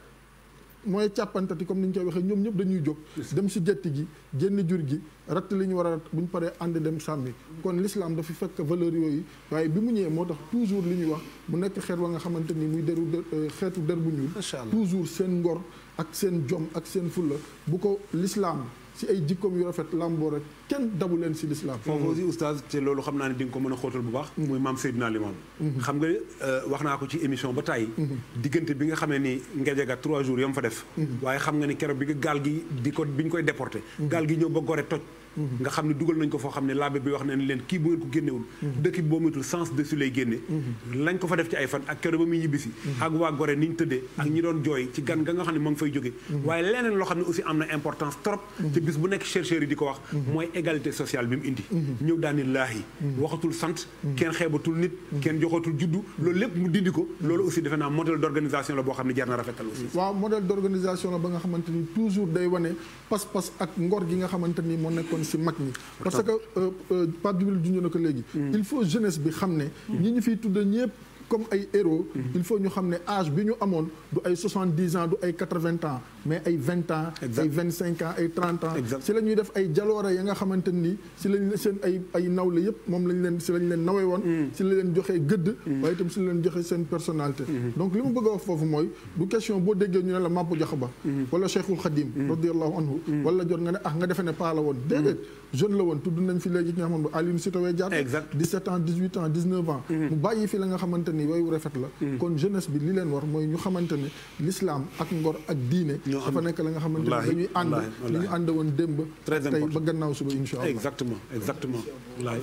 mooy càppantati comme ni ñu koy waxee ñoom ñëpp dañuy jóg dem si gétt gi génn jur gi ratt li ñu war a ratt bu ñu paree ànd dem sàmmi kon l'islam dafa fekk valeur yooyu waaye bi mu ñëwee moo tax toujours li ñuy wax mu nekk xeet wa nga xamante ni muy deru euh, xeetu der bu ñuul toujours seen ngor ak seen jom ak seen fulla bu ko l'islam si ay jikkoom yu rafet lambo rek ken dabu leen si lislaam foofu aussi oustaz te loolu xam naa ne ko meuna a bu baax moy mhm. mam Seydina Limam mhm. xam nga euh, waxna ko ci émission ba tay mhm. digeunte bi nga xam ne ni ngejaga trois jours yam fa def waye xam nga ni keroog bi nga gaal gi di ko koy déporter gaal gi ñëw ba gore toj Mm-hmm. nga xam ne nañ ko fo xam ne bi wax nañ leen ki bu ngeen ko génnewul mm-hmm. dekk bi boo matul sens dessus lay génne mm-hmm. lañ ko fa def ci ay fan ak keroog ba muy ñibbisi ak wa Gorée niñ ñu ak ñi doon joy ci gan ga nga xam ne ma ngi fay joggé waaye leneen lo xam aussi amna importance trop ci bis bu nekk chercheur yi diko wax moy égalité sociale bi mu indi ñëw daani laahi waxatul sant kenn xeebatul nit kenn joxatul juddu loolu lépp mu dindi ko loolu aussi defe naa modèle d'organisation la bo xam jarna rafetal aussi wa modèle d'organisation la ba nga xamanteni toujours day wone pass pass ak ngor gi nga xamanteni mo moo si mag parce que pas du junjoon na ko léegi hmm. il faut jeunesse bi xamné hmm. ñi ñi fi tudde ñepp comme ay héros il faut ñu xamné âge bi ñu amone du ay 70 ans du ay 80 ans mais ay 20 ans exact. ay 25 ans ay 30 ans c'est si lañu def ay jaloore ya nga xamanteni ci lañu seen ay ay nawle yépp mom lañu len ci lañu len nawé won ci mm. lañu len joxé gëdd mm. waye tam ci lañu joxé seen personnalité mm-hmm. donc limu bëgg wax fofu moy du question bo déggé ñu la mampu joxba mm-hmm. wala cheikhul khadim mm-hmm. radiyallahu anhu wala jor nga ah nga défé né pa la won dédé jeune la woon tudd nañ fi léegi ki nga xamante Aline Sitoé Diatta exact 17 ans 18 ans 19 ans mhm. mu bàyyi fi la nga xamante ni yooyu rafet la mhm. kon jeunesse bi li leen war mooy ñu xamante ne l'islam ak ngor ak diine dafa nekk la nga xamante ni dañuy ànd li ñu ànd woon démb tey ba gannaaw suba insha allah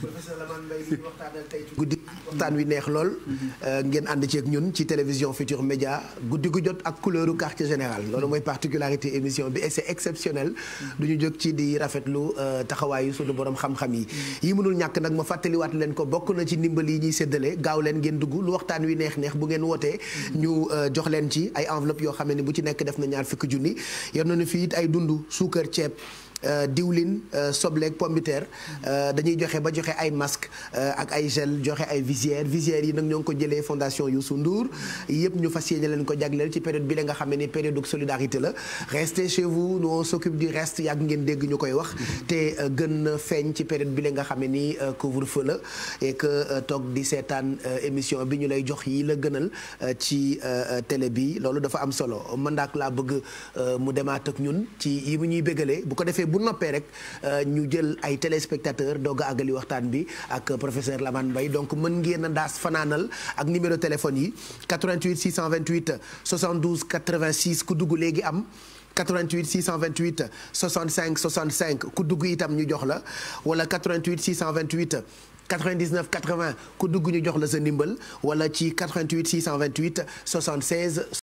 professeur Lamane Mbaye guddi waxtaan wi neex lool euh, ngeen ànd ci ak ñun ci télévision Futur Média guddi gu jot ak couleuru quartier général loolu mooy particularité émission bi et c'est exceptionnel du ñu jóg ci di rafetlu euh, taxawaayu suñu borom xam-xam yi yi mënul ñàkk nag ma fàttaliwaat leen ko bokk na ci ndimbal yi ñuy séddale gaaw leen ngeen dugg lu waxtaan wi neex neex bu ngeen wootee ñu euh, jox leen ci ay enveloppe yoo xam ne bu ci nekk def na ñaar fukki junni yor nañu fi it ay dund suukar ceeb Euh, diwlin euh, sobleeg pomme de terre euh, dañuy joxe ba joxe ay masque ak ay gel joxe ay visière visière yi nak ñong ko jëlé fondation Youssou Ndour yépp ñu fas yéene ko jagleel ci période bi la nga xamee ne période de solidarité la restez chez vous nous on s'occupe du reste yàgg ngeen dégg ñukoy wax té gën feñ ci période bi la nga xamee ni couvre-feu la et que tok di seetaan émission bi ñu lay jox yi la gënal ci télé bi lolu dafa am solo man dak la bëgg mu demaat ak ñun ci yi ñuy bégalee bu ko défé pour noppee euh, ñu jël téléspectateurs spectateurs a àggali waxtaan bi professeur Lamane donc nous ngeen a ak numéro téléphone 88 628 72 86 ku dugg 88 628 65 65 ku itam ñu Ou la 88 628 99 80 ku ñu jox la 88 628 76.